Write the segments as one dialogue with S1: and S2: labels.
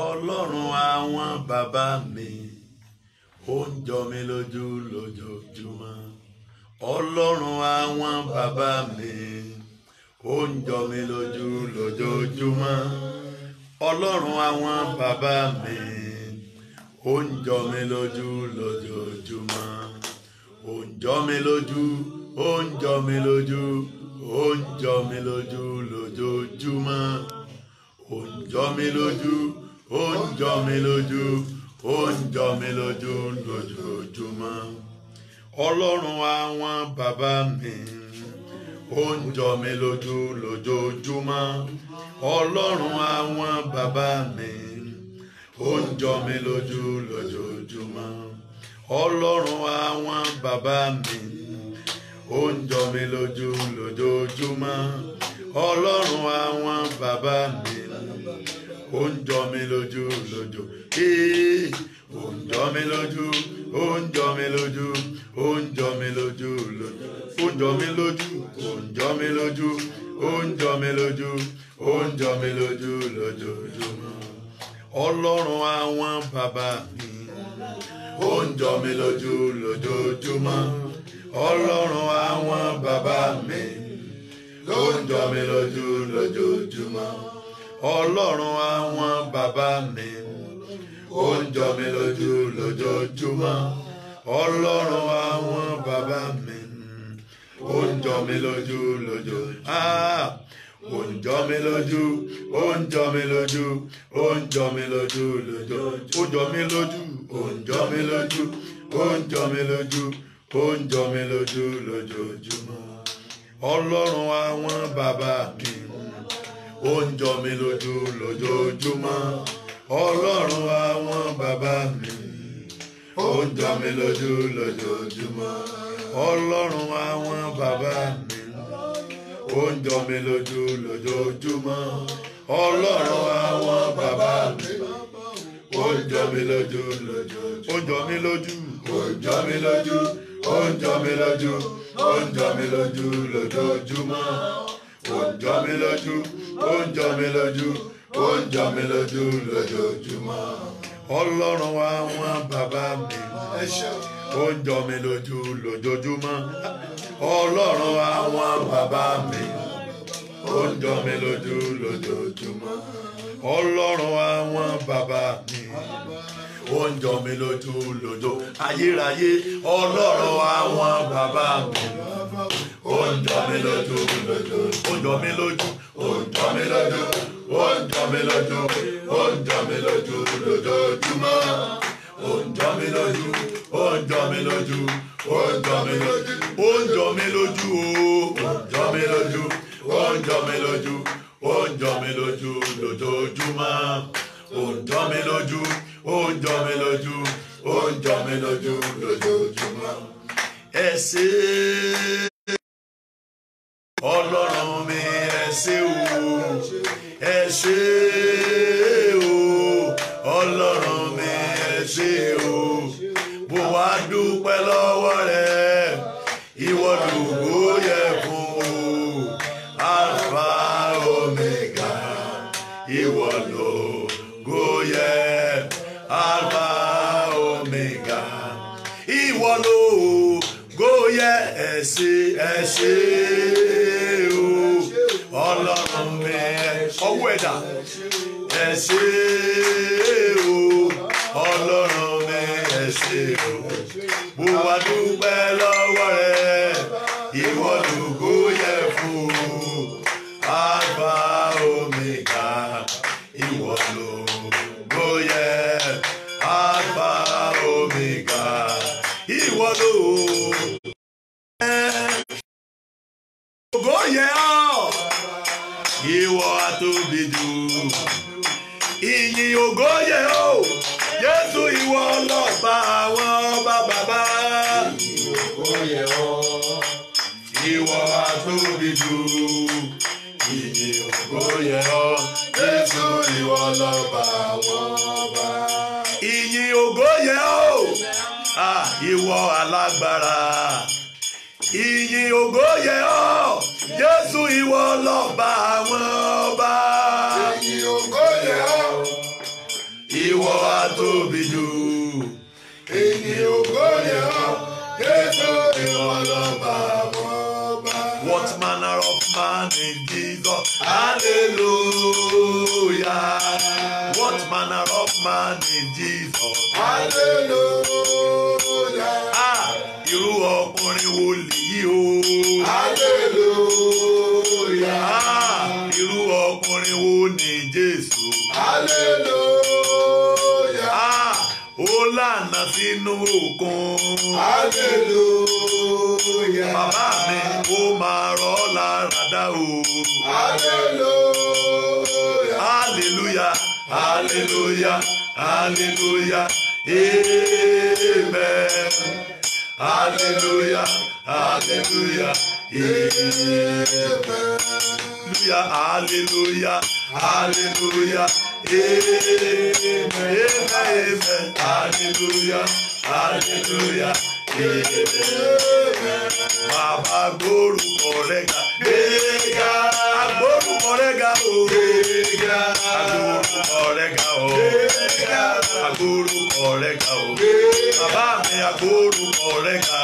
S1: ọlọ́run àwọn bàbá mi ó ń jọ mí lójú lójoojúmọ́ ọlọ́run àwọn bàbá mi ó ń jọ mí lójú lójoojúmọ́ ọlọ́run àwọn bàbá mi ó ń jọ mí lójú lójoojúmọ́ ó ń jọ mí lójú ó ń jọ mí lójú ó ń jọ mí lójú lójoojúmọ́ ó ń jọ mí lójú ó ń jọ mi lójú ó ń jọ mi lójú lójoojúmọ́ ọlọ́run àwọn bàbá mi ó ń jọ mi lójú lójoojúmọ́ ọlọ́run àwọn bàbá mi ó mi lójú lójoojúmọ́ ọlọ́run àwọn bàbá mi ó mi lójú lójoojúmọ́ ọlọ́run àwọn bàbá mi ó ń jọ mi lójú lójú ee ó ń jọ mi lójú ó ń jọ mi lójú ó ń jọ mi lójú lójú ó ń jọ mi lójú ó ń jọ mi lójú ó ń jọ mi lójú ó ń jọ mi lójú lójoojúmọ́ ọlọ́run àwọn bàbá mi ó ń jọ mi lójú lójoojúmọ́ ọlọ́run àwọn bàbá mi ó ń jọ mi lójú lójoojúmọ́ ọlọ́run àwọn bàbá mi ó ń jọ mi lójú lójoojúmọ́ ọlọ́run àwọn bàbá mi ó ń jọ mi lójú lójoojúmọ́ ah, ó ń jọ mi lójú ó ń jọ mi lójú ó ń jọ mi lójú lójó ó ó ń jọ mi lójú ó ń jọ mi lójú ó ń jọ mi lójú lójoojúmọ́ ọlọ́run àwọn bàbá mi ó ń jọ mi lójú lójoojúmọ́ ọlọ́run àwọn bàbá
S2: mi ó ń jọ mi lójú lójoojúmọ́
S1: ọlọ́run àwọn bàbá mi ó ń jọ mi lójú lójoojúmọ́ ọlọ́run àwọn bàbá mi ó ń jọ mi lójú lójoojúmọ́ ó jọ mi lójú ó jọ mi lójú ó jọ jọ mi lójú lójoojúmọ́ ó ń jọ mí lójú ó ń jọ mí lójú ó ń jọ mí lójú lójoojúmọ́. ọlọ́run àwọn bàbá mi ó ń jọ mí lójú lójoojúmọ́. ọlọ́run àwọn bàbá mi ó ń jọ mí lójú lójoojúmọ́. ọlọ́run àwọn bàbá mi ó ń jọ mi lójú lójó ayérayé ọlọ́run àwọn bàbá mi ó ń jọ mi lójú lójó ó ń jọ mi lójú ó ń jọ mi lójú ó mi lójú ó mi lójú lójoojúmọ́ ó mi lójú ó mi lójú ó mi lójú ó mi lójú ó mi lójú ó mi lójú ó mi lójú lójoojúmọ́ ó mi lójú ó ń jọ mi lójú ó ń jọ mi lójú lójoojúmọ́ ẹ ṣé. ẹ ṣé ẹ ṣé o ọlọ́run mi ọwọ́ ẹ̀dá ẹ ṣé o ọlọ́run mi ẹ o bùwà dúpẹ́ lọ́wọ́ rẹ.
S2: yẹ ọ́ ìwọ àtòbí jù ìyìn ògo
S1: yẹ ọ́ Jésù ìwọ ọlọ́ba àwọn ọba bàbá ìyìn ògo yẹ ọ́ ìwọ àtòbí jù ìyìn ògo yẹ ọ́ Jésù ìwọ ọlọ́ba àwọn ọba. ìyìn ògo yẹ ọ́ ìwọ alágbára ìyìn ògo yẹ ọ́ jésù ìwọ lọ́ba àwọn ọba. ìyìn ògo yẹ ọ́ ìwọ àtòbí jù. ìyìn ògo yẹ ọ́ jésù ìwọ lọ́ba àwọn ọba. what manner of man is Jesus hallelujah what manner of man is Jesus hallelujah. Ah ọkùnrin wo lèyí o. aleluya. irú ọkùnrin wo ni jésù. aleluya. ó lànà sínú òkun. aleluya. bàbá mi ó máa rọ́ lára dá o.
S2: aleluya.
S1: aleluya. aleluya. aleluya. Amen. Hallelujah. Hallelujah. Hallelujah. Hallelujah. Hallelujah. Amen. Amen. Hallelujah. Hallelujah.
S2: Amen. Bàbá gbórúkọ rẹ̀ ga. Gbéga. ọ̀rẹ́ ga o. Agbórúkọ
S1: ọ̀rẹ́ ga o. Agbórúkọ ọ̀rẹ́ ga o. Bàbá mi agbórúkọ ọ̀rẹ́ ga.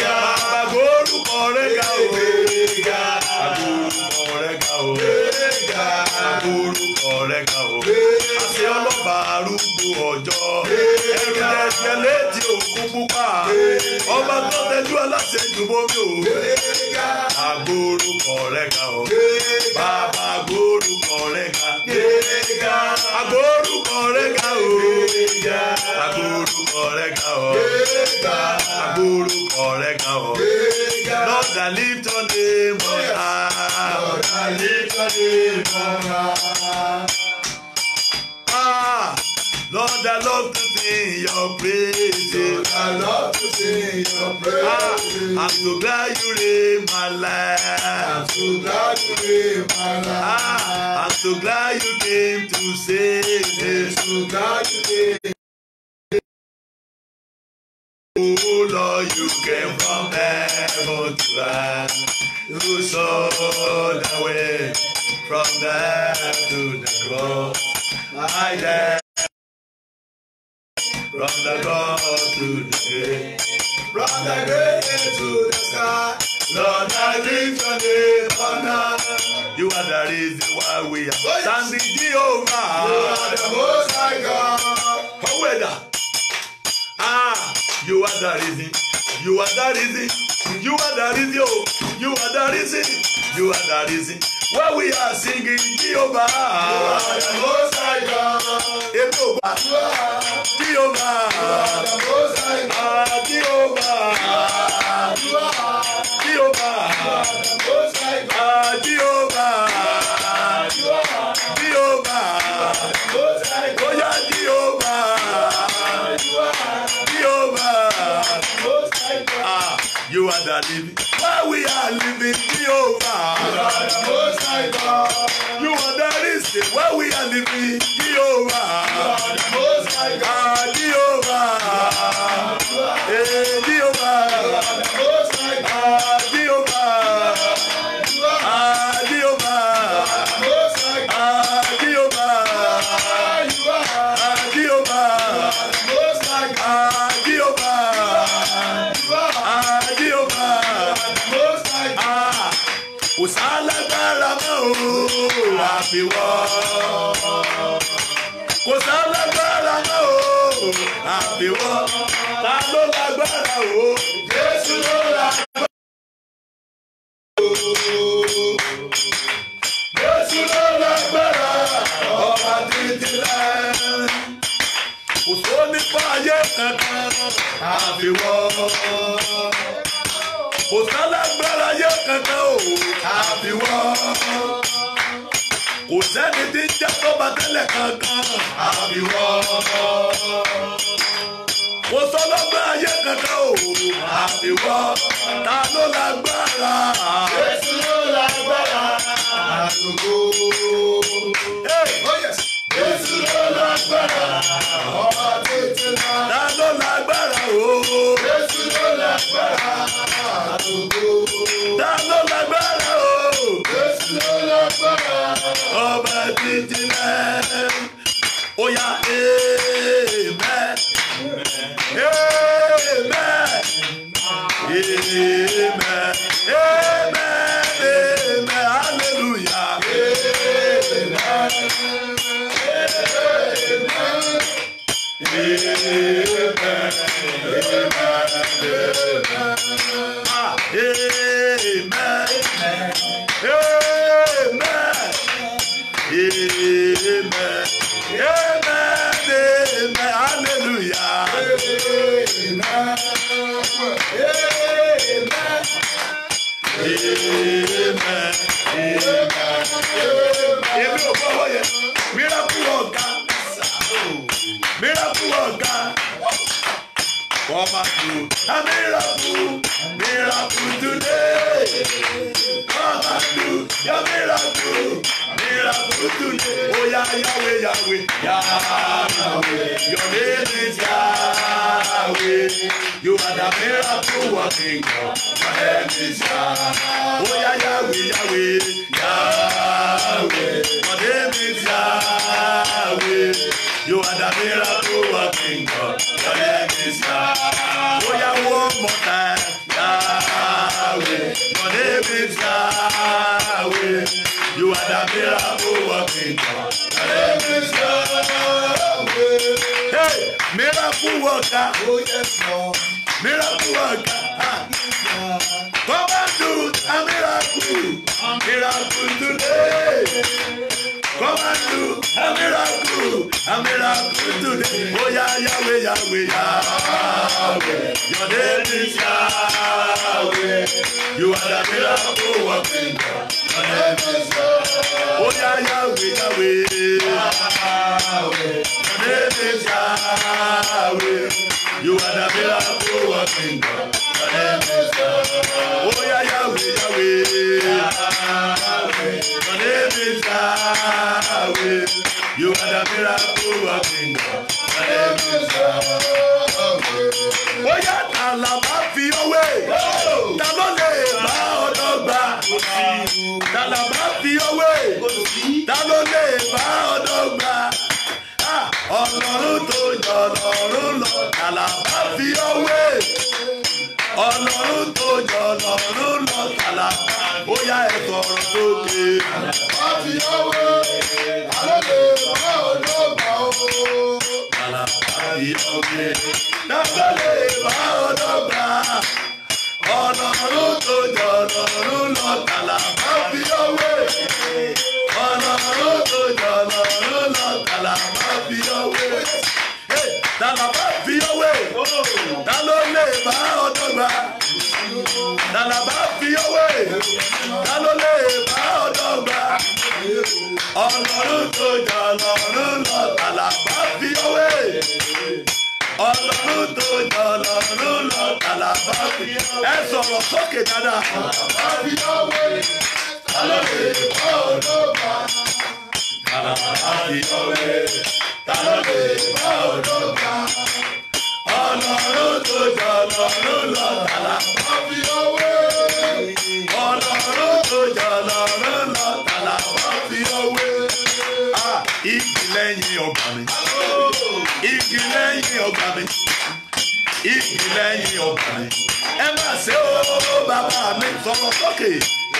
S2: Bàbá agbórúkọ ọ̀rẹ́ ga o. Agbórúkọ ọ̀rẹ́
S1: ga o. Agbórúkọ ọ̀rẹ́ ga o. Àṣẹ ọlọ́ba arúgbó ọjọ́. Ẹrù lẹ́sẹ̀ funfun pupa ọba tó tẹjú aláṣẹ ìdùbọmi o agorúkọ rẹ ga o bàbá agorúkọ rẹ ga agorúkọ rẹ ga o agorúkọ rẹ ga o agorúkọ rẹ ga o lọ́dà lipton dé mọ́ra lọ́dà lipton dé mọ́ra. Lord, I love to sing your praise. Lord, I love to sing your praise. Ah, I'm so glad you live my life. I'm so glad
S2: you live my life. Ah, I'm so glad you came to save me. so glad you came. Oh Lord, you came from heaven to earth. You saw the
S1: way from death to the cross. My death.
S2: From the ground
S1: to the grave,
S2: from the grave to the sky. Lord, I lift your name on high.
S1: You are the reason why we are standing Jehovah. You are the most
S2: high God. However, ah,
S1: you are the reason. You are the reason. You are the reason. You are the reason. You are the reason. Why we are singing Jehovah. You are the most high God. You are the most high God. You are. Jehovah. You are the most high God. You are the living. Why we are living The over are most high God. You are the reason why we are living The over are most high God. The over. fi wọ́. kò
S2: sálágbára náà o àfi wọ́. ta ló lágbára o Jésù ló
S3: lágbára.
S1: Jésù ló lágbára ọba títí láì. Kò sóní fàyè kankan àfi wọ́. Kò sálágbára yẹ kankan o àfi wọ́ kò sẹ́ni tí ń jẹ́ tọ́ba tẹ́lẹ̀ kankan. àbíwọ́. mo sọ lọ́gbọ́n ayé kankan o. àbíwọ́. ta ló lágbára. jésù ló lágbára. àlùkò.
S2: Oh, jésù ló lágbára. ọba tètè náà. ta ló lágbára o. jésù ló lágbára. ọba títí lẹ́ ó yá amen amen amen.
S1: Miracle of God. Miracle of God woman do a miracle, miracle today. Woman do a miracle, miracle today. Oh yeah, Yahweh, Yahweh, Yahweh. Your name is Yahweh. You are the miracle working God. Your name is Yahweh. Oh yeah, Yahweh, Yahweh, Yahweh. Your name is Yahweh. You are the miracle working God. Your name is Yahweh. Oh, yeah, one more time. Yahweh. Your name is Yahweh. You are the miracle working God. Your name is Yahweh. Hey, miracle worker. Oh, yes, Lord. Miracle worker. Ah. Come and do a miracle. A miracle today. Come and do a miracle, a miracle today. Oh yeah, Yahweh, Yahweh, Yahweh. Your name is Yahweh. You are the miracle working God. Your name is Yahweh. Oh yeah, Yahweh, Yahweh. Yahweh. Your name is Yahweh. You are the miracle working God. Your name is Yahweh. Oh yeah, Yahweh. Yahweh. You are the miracle working God. My name is Yahweh. Bóyá àlàbá fi owé, ta ló lè bá ọ̀dọ́ gbà? Àlàbá fi owé, ta ló lè bá ọ̀dọ́ gbà? Ọlọ́run tó jọ lọ́run lọ, àlàbá fi owé ọlọ́run tó jọ lọ́run lọ́kàlà bóyá ẹ tọrọ sókè. wọ́n fi owó àlọ́lẹ̀ bá olóògbà o. bàlàbà ìyọ̀gbẹ́ dábàlẹ̀ bá olóògbà ọlọ́run tó jọ lọ́run lọ́kàlà wọ́n fi owó ọlọ́run tó jọ lọ́run lọ́kàlà wọ́n fi owó. Dàlàbà fi owó. Dàlọ́. Oh ọba làlàbà fi owó e, ta ló lè bá ọdọgba ọlọ́run tó jà ọlọ́run lọ làlàbà fi owó e. ọlọ́run tó jà ọlọ́run lọ làlàbà fi owó e. ẹ sọ̀rọ̀ sókè dáadáa. làlàbà fi owó ta ló lè bá ọdọgba làlàbà fi owó ta ló lè bá ọdọgba ọlọ́run tó jọ ọlọ́run lọ́tàlá wọ́n fi owó ọlọ́run tó jọ ọlọ́run lọ́tàlá wọ́n fi owó igi lẹ́yìn ọgbà mi igi lẹ́yìn ọgbà mi igi lẹ́yìn ọgbà mi ẹ má ṣe ó bàbá mi sọ̀rọ̀ sókè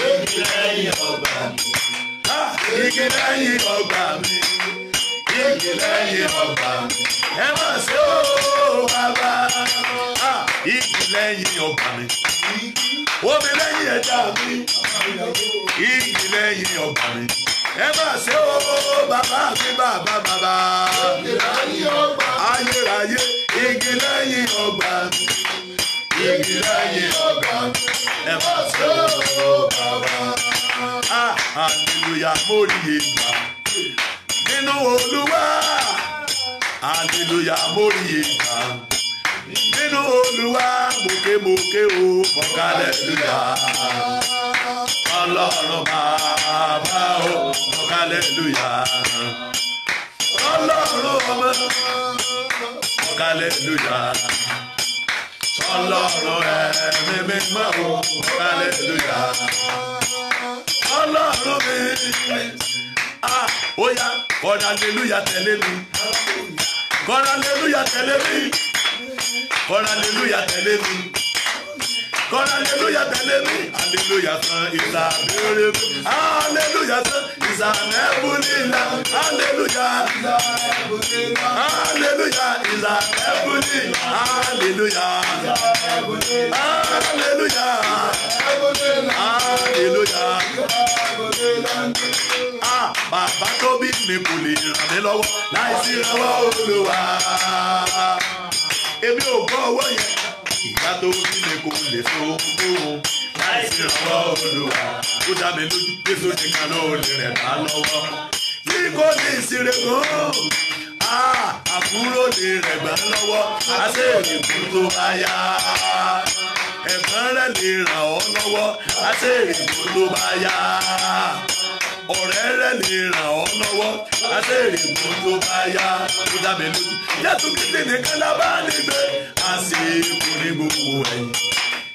S1: igi lẹ́yìn ọgbà mi igi lẹ́yìn ọgbà mi méjì lẹ́yìn ọba ẹ má ṣe ó bàbá igi ah, lẹ́yìn ọba mi omi lẹ́yìn ẹja mi igi lẹ́yìn ọba mi ẹ má ṣe ó bàbá mi bàbá bàbá ayérayé igi lẹ́yìn ọba mi igi lẹ́yìn ọba mi ẹ má ṣe ó bàbá ah, hallelujah mo rí i nínú olúwa hallelujah mórí ìgbà nínú olúwa mòkèmòkè o mọ̀kálẹ́lúyà ọlọ́run bàbá o mọ̀kálẹ́lúyà ọlọ́run ọmọ mọ̀kálẹ́lúyà ọlọ́run ẹ̀mí mímọ́
S2: o mọ̀kálẹ́lúyà ọlọ́run
S1: mi ó ah, yá kọ́ra aleluya tẹ̀lé mi kọ́ra aleluya tẹ̀lé mi kọ́ra aleluya tẹ̀lé mi. Kọ́ra aleluya tẹ̀lé mi. Aleluya san ìsà lérè mi. Aleluya san ìsà nẹ́bùlìlà. Aleluya ìsà nẹ́bùlìlà. Aleluya ìsà nẹ́bùlìlà. Aleluya ìsà nẹ́bùlìlà. Aleluya ìsà nẹ́bùlìlà. Aleluya. Ah, bàbá tó bí mi kò lè ràn mí lọ́wọ́ láìsí ìrànwọ́ Olúwa.
S2: Èmi ò gbọ́ ọwọ́ yẹn
S1: ìgbà tó ń lè kò lè fún un láìsí ọ̀rọ̀ olùwà ó dá mi lójú pé sóde kan ló lè rẹ̀ bá lọ́wọ́ tí kò ní ìṣeré gan àbúrò lè rẹ̀ bá lọ́wọ́ àṣẹ òyìnbó tó bá yá ẹ̀gbọ́n rẹ̀ lè ràn ọ́ lọ́wọ́ àṣẹ òyìnbó tó bá yá ọ̀rẹ́ rẹ̀ lè ràn ọ́ lọ́wọ́ àṣẹ̀rè mú tó bá yá tó dábẹ́ lójú yàtú kété nìkan lábá níbẹ̀ àṣekù ní gbogbo ẹ̀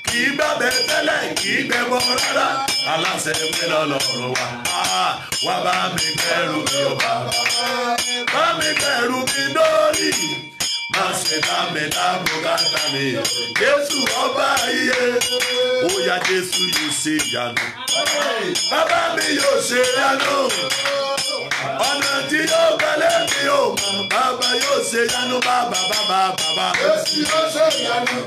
S1: kì í gbàgbẹ́ tẹ́lẹ̀ kì í gbẹ̀bọ rárá aláṣẹ pẹ́ lọ́lọ́rọ̀ wa ah, wá bá mi kẹ́rù mi ọba bá mi kẹ́rù mi dórí mẹ́ta bùkátà mi. Jésù ọba ayé, ó yá Jésù yóò ṣe ìyanu. Bàbá mi yóò ṣe ìyanu. Ọ̀nà tí yóò gbẹ́lẹ́ mi o, bàbá yóò ṣe ìyanu bàbá bàbá bàbá.
S2: Jésù yóò ṣe ìyanu.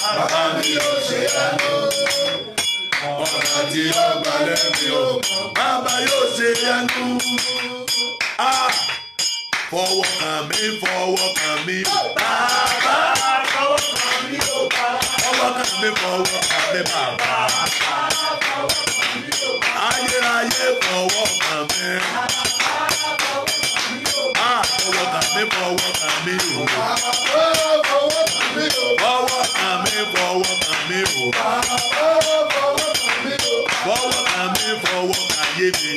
S2: Bàbá mi yóò ṣe ìyanu. Ọ̀nà tí yóò gbẹ́lẹ́
S1: mi o, bàbá yóò ṣe ìyanu. Ah! fọwọ́ kàn mí fọwọ́ kàn mí bàbá fọwọ́ kàn mí o bàbá fọwọ́ kàn mí fọwọ́ kàn mí bàbá ayérayé fọwọ́ kàn mí fọwọ́
S2: kàn mí fọwọ́ kàn mí o fọwọ́ kàn mí fọwọ́ kàn
S1: mí fọwọ́ kàn mí o fọwọ́ kàn mí fọwọ́ kàn yé mi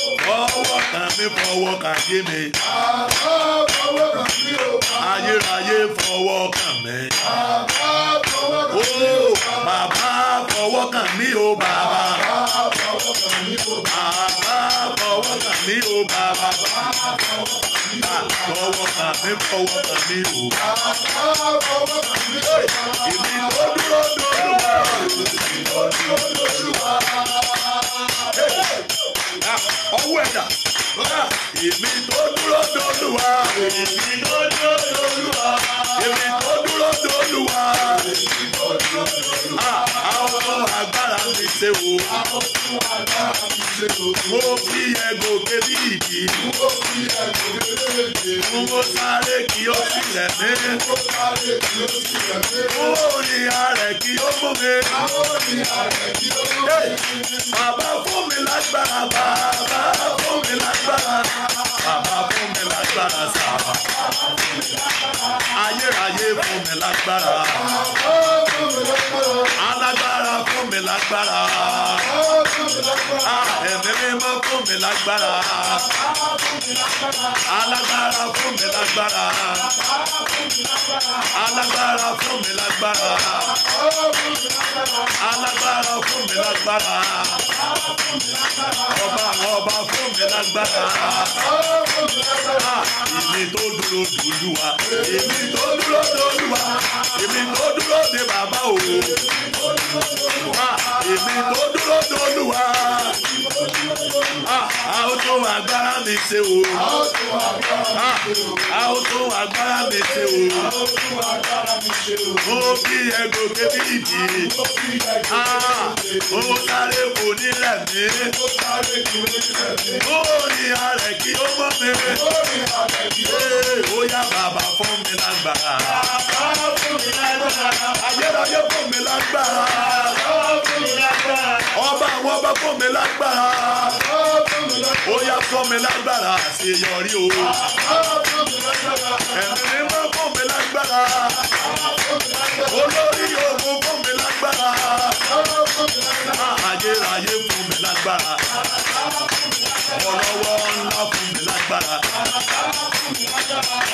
S1: fọwọ́ kàn mí fọwọ́ kàn yé mi. bàbá fọwọ́ kàn mí o. ayérayé fọwọ́ kàn mí. bàbá fọwọ́ kàn mí o. bàbá fọwọ́ kàn mí o bàbá. bàbá fọwọ́ kàn mí o bàbá. bàbá fọwọ́ kàn mí o bàbá. bàbá fọwọ́ kàn mí o bàbá. fọwọ́ kàn mí fọwọ́ kàn mí o. bàbá fọwọ́ kàn mí o bàbá. èmi ló dúró dúró wá. èmi ló dúró dúró wá. Ah, ọwọ́ ẹ̀dá ah, èmi tó dúró dolúwa èmi tó dúró dolúwa èmi tó dúró dúró lólúwa. Àwọn agbára mi ṣe wò. Mo fi ẹ̀gò kébí ìdí. Mo sáré kí ó sì rẹ̀ mí. Mo rìn arẹ̀ kí ó mú mi. Bàbá fún mi lágbára, bàbá fún mi lágbára bàbá fún mi lágbára sà ayérayé fún mi lágbára alágbára fún mi lágbára. Ah, ẹ̀mí mímọ́ fún mi lágbára alágbára fún mi lágbára alágbára fún mi lágbára
S2: alágbára fún mi lágbára ọba
S1: ọba fún mi lágbára ah, èmi tó dúró dúró wa èmi tó dúró dúró wa èmi tó dúró de bàbá o ah, èmi tó dúró dúró wa olúwa ah, a ó tún agbára mi ṣe o a ó tún agbára ah, mi ṣe o mo fi ẹgbẹ́ kébí ìdí mo sáré kò nílẹ̀ mi mo ní arẹ̀ kí ó mọ̀ mi ó eh, yá bàbá fún mi lágbára ayérayé fún mi lágbára ọba àwọn ọba fún mi lágbára ó yá fún mi lágbára àṣeyọrí o
S2: ẹ̀mí mi máa fún
S1: mi lágbára olórí ogun fún mi lágbára ayérayé fún lágbára. ọlọ́wọ́ ńlá fún mi lágbára.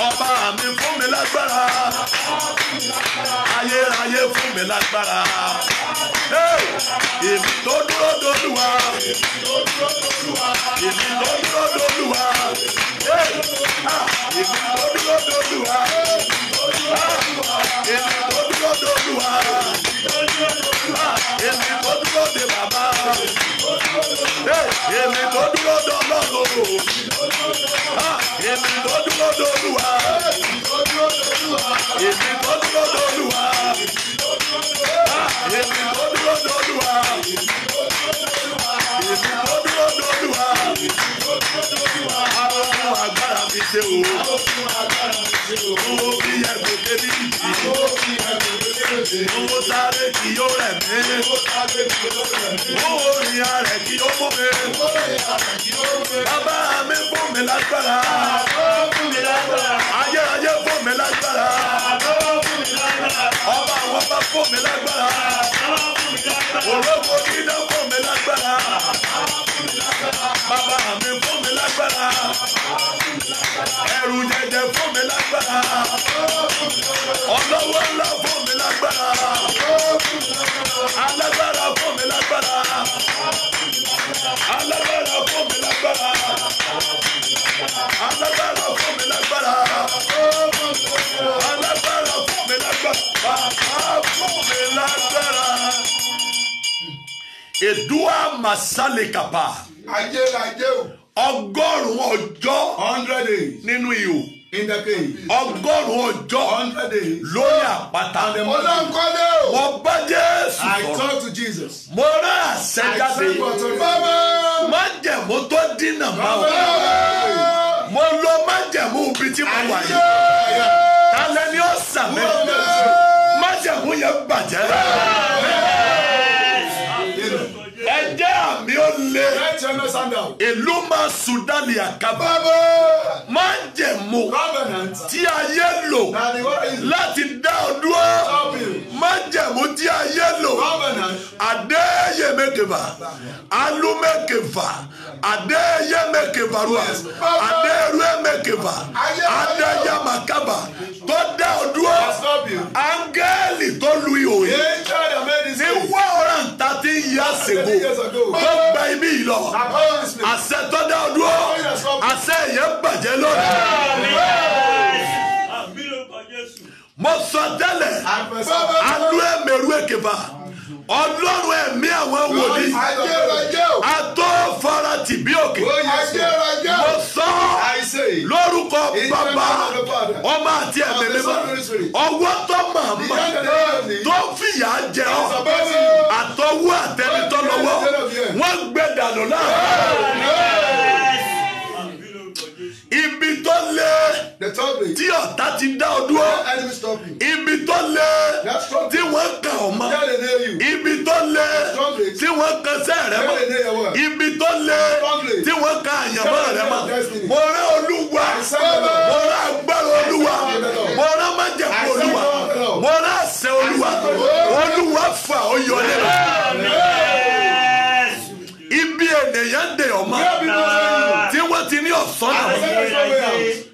S1: ọba mi fún mi lágbára. ayérayé fún mi lágbára. èmi tó dúró dolúwa. èmi tó dúró dolúwa. Ah! èmi tó dúró dolúwa. Ah! èmi tó dúró dolúwa.
S2: èmi tó dúró dolúwa. èmi tó dúró de bàbá èmi tó dúró dọ́lọ́gbò èmi tó dúró dọ́lùwà èmi tó dúró dọ́lùwà èmi tó dúró dọ́lùwà
S1: èmi tó dúró dọ́lùwà arókùn agbára mi ṣe o mo fi ẹ̀gbọ́n débi ìdí. Owó sáré kì yóò rẹ̀ mí. Owó rìn arẹ̀ kì yóò mú mi. Bàbá mi fún mi lágbára. Ayé ayé fún mi lágbára fún mi lágbára. Òrógbó dídá fún mi lágbára. Bàbá mi fún mi lágbára. Ẹrù jẹjẹ fún mi lágbára.
S2: Ọlọ́wọ́ ńlá fún mi lágbára. Alágbára fún mi lágbára. Alágbára fún mi lágbára. Alágbára fún mi lágbára. Alágbára bàbá fún mi lágbára.
S1: Ajé o. Ọgọ́rùn-ún hundred days. Nínú ihò. In the cave. Ọgọ́rùn-ún hundred days. Lórí àpáta. Ọlọ́nkọ́lé o. Eh, oh. Mo bá Jésù sọ̀rọ̀. I talk to Jesus. Mo rán àṣẹ jáde. I say to bàbá. Má jẹ̀mú tó dínà máa wọ̀. Eh. Mo lo má jẹ̀mú ibi tí mo wà yìí ta lẹni ọ̀sán mẹ́rin má jẹ̀mú yẹn bàjẹ́. sandal. Ìlúmọ̀ Sudan Yakaba. Máa ń jẹ̀mú. Tí ayé lò láti dá ọ dúró. Máa ń jẹ̀mú tí ayé lò. Adéyèmẹ́kẹ̀fà. Alúmẹ́kẹ̀fà. Adéyèmẹ́kẹ̀fà rúwa. Adéyèmẹ́kẹ̀fà. Adéyèmẹ́kẹ̀fà. Tó dá ọ dúró. Áńgẹ́lì tó lu ihò yìí. Ní one hundred and thirty years ago. Tó gba ibi yìí lọ àṣẹ tó dá ọ dúró oh, àṣẹ yẹn bàjẹ́ lónìí. mo sọ tẹ́lẹ̀ anú ẹ̀mẹ̀rú èkèfà ọlọ́run ẹ̀mí àwọn wòlíì àtọ́. lórúkọ bàbá ọmọ àti ẹ̀mí mímọ́ ọwọ́ tó màmá tó fìyà jẹ ọ́ àtọwọ́ àtẹnitọ́ lọ́wọ́ wọ́n gbé dànù náà ibi tó lé tí ọ̀tá ti dá ọ dúró ibi tó le tí wọ́n kà ọ́ mọ́ ibi tó le tí wọ́n kà sẹ́rẹ̀
S2: mọ́ ibi tó le tí wọ́n kà àyànmọ́ rẹ̀ mọ́ mo rán olúwa mo rán agbára olúwa mo rán májẹ̀kú olúwa mo
S1: rán àṣẹ olúwa olúwa fà ó yọ lẹ́nu ibi ènìyàn dè ọmọ tí wọ́n ti ní ọ̀sán náà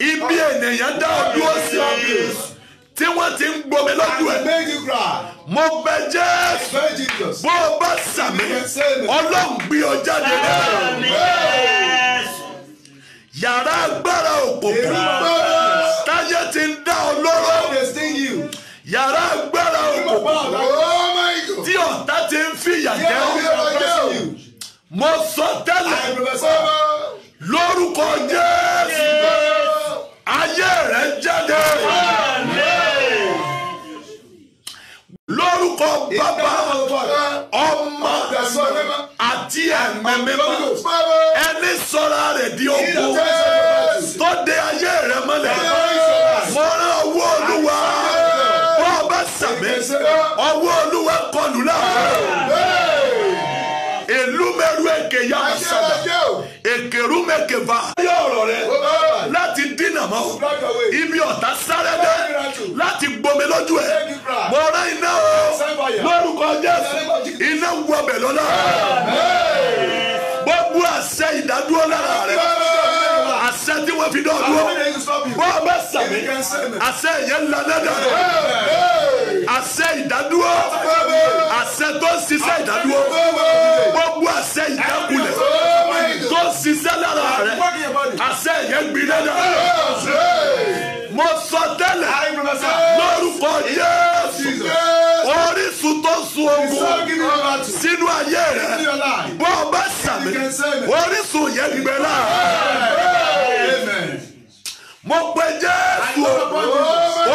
S1: ibi ènìyàn dá ọdún òsì tí wọ́n ti ń gbomi lójú ẹ̀ mo bẹ Jésù bó o bá sàmì Ọlọ́run gbé ọ jáde lẹ́yìn yàrá agbára òkùnkùn táyé ti ń dá ọ lóró yàrá agbára òkùnkùn oh tí ọ̀tá ti ń fìyà jẹ mo sọ tẹ́lẹ̀ lórúkọ Jésù ayé rẹ jáde. lórúkọ bàbá ọmọ àti ẹ̀mẹ́ mímọ́ ẹni sọ̀rọ̀ rẹ̀ di ogun tó de ayé rẹ mọ́lẹ̀ mọ́ra owó olúwa bọ́ ọ bá sàmì owó olúwa kọlù láàárọ̀ èlú mẹ́rù èkè yà sọ̀rọ̀ èkèrú mẹ́kẹ̀fà ní ọ̀rọ̀ rẹ láti dínà mọ́ ibi ọ̀tá sáré dé láti gbomi lójú ẹ̀ mo rán iná o lórúkọ Jésù iná wọbẹ̀ lọ́la gbogbo àṣẹ ìdádúró lára rẹ àṣẹ tí wọ́n fi dán dúró bọ́ọ̀ bá sàmì àṣẹ yẹn lálẹ́ dàgbà àṣẹ ìdádúró àṣẹ tó ń ṣiṣẹ́ ìdádúró gbogbo àṣẹ ìdákulẹ̀ tó ń ṣiṣẹ́ lára rẹ̀ àṣẹ yẹn gbin lẹ́dà mo sọ tẹ́lẹ̀ lórúkọ Jésù orísun tó sun ogun sínú ayé rẹ̀ bọ́ọ̀ bá sàmì orísun yẹn gbẹ láàrin mo pe jésù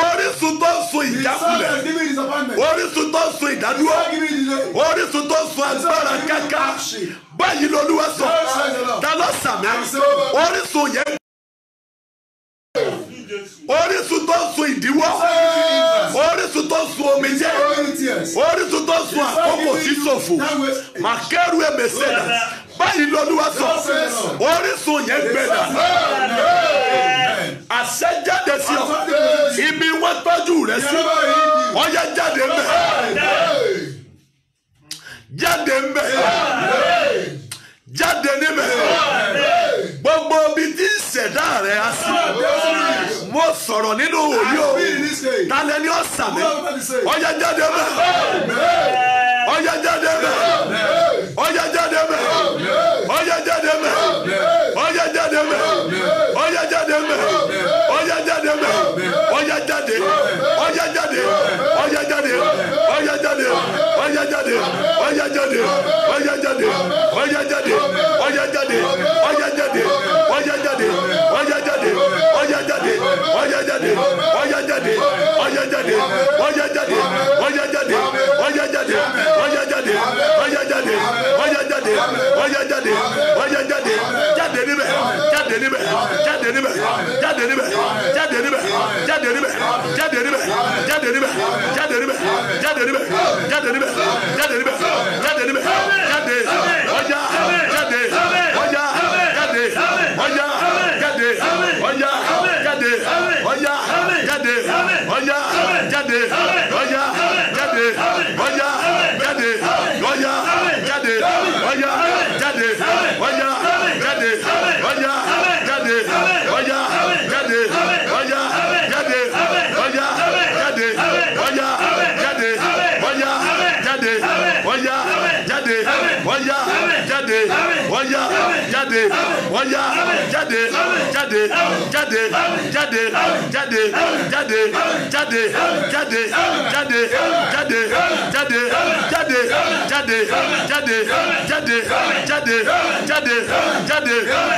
S1: orísun tó sun ìjákulẹ̀ orísun tó sun ìdádúró orísun tó sun agbára kẹ́kẹ́ báyìí lolúwa sọ dálọ́sàmì orísun
S2: yẹn orísun tó sun ìdíwọ́ orísun tó
S1: sun omijé orísun tó sun àkókò sísòfò màkẹ́rù ẹ̀mẹ́sẹ̀dá báyìí lọ́lúwa sọ orísun yẹn gbẹ̀dà àṣẹjáde sí ọ ibi wọn tọ́jú rẹ sí ọyẹ jáde mbẹ jáde mbẹ jáde níbẹ̀ gbogbo bíi tí ìṣẹ̀dá rẹ̀ á sí. mo sọ̀rọ̀ nínú òní o talẹ̀ ni ọ̀sàmì ọ̀yẹ́jáde bẹ́ẹ̀ ọ̀yẹ́jáde. jáde níbẹ̀ jáde níbẹ̀ jáde níbẹ̀ jáde níbẹ̀ jáde níbẹ̀ jáde níbẹ̀ jáde níbẹ̀ jáde níbẹ̀ jáde ọjà jáde ọjà jáde ọjà jáde ọjà jáde ọjà jáde ọjà jáde ọjà jáde ọjà jáde ọjà jáde ọjà jáde ọjà. jáde ọ̀yá jáde jáde jáde jáde jáde jáde jáde jáde jáde jáde jáde jáde jáde jáde jáde jáde jáde jáde jáde jáde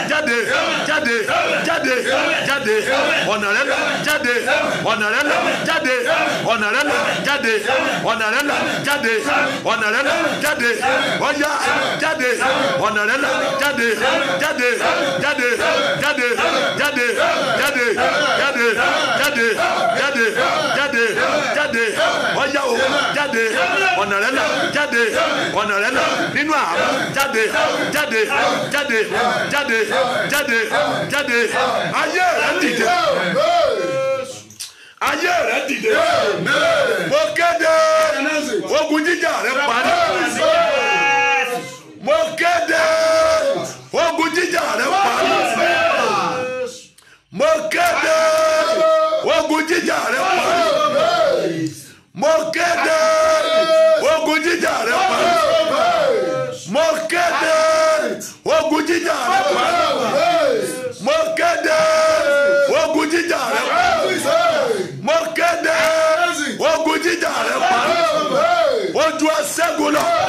S1: jáde jáde jáde ọ̀nà rẹ lọ jáde ọ̀nà rẹ lọ jáde ọ̀nà rẹ lọ jáde ọ̀nà rẹ lọ jáde ọ̀nà rẹ lọ jáde ọ̀yá jáde ọ̀nà rẹ lọ jáde jáde jáde jáde jáde jáde jáde jáde jáde jáde jáde ọjà o jáde ọ̀nà rẹ là jáde ọ̀nà rẹ là nínú ààrùn jáde jáde jáde jáde jáde jáde ayé rẹ dìde ayé rẹ dìde mo kéde ogun jíjà rẹ parí mo kéde ogun jíjà rẹ parí mo kéde ogun jíjà rẹ parí mo kéde ogun jíjà rẹ parí mo kéde ogun jíjà rẹ parí mo kéde ogun jíjà rẹ parí mo kéde ogun jíjà rẹ parí ojú ẹsẹ́gun lọ.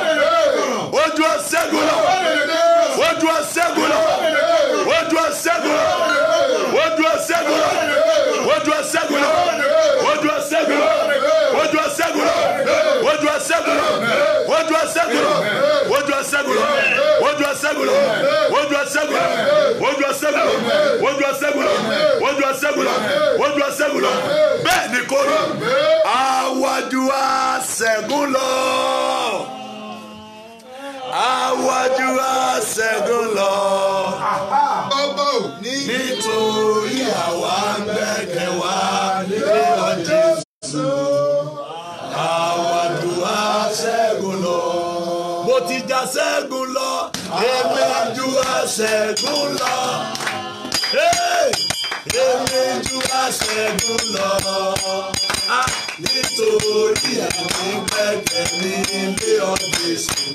S1: ṣẹ́gun ojú ṣẹ́gun ojú ṣẹ́gun ojú ṣẹ́gun ojú ṣẹ́gun ojú ṣẹ́gun ojú ṣẹ́gun ojú ṣẹ́gun bẹ́ẹ̀ ni kò rí àwàjù aṣẹ́gun lọ àwàjù nítorí àwa gbẹ́kẹ̀ wá nílé ọjọ́ sùn. aṣẹ́gun lọ èmi ju aṣẹ́gun lọ. Èmi ju aṣẹ́gun lọ. Nítorí àmì gbẹ̀gẹ̀ ní ilé ọ̀gbìn sùn.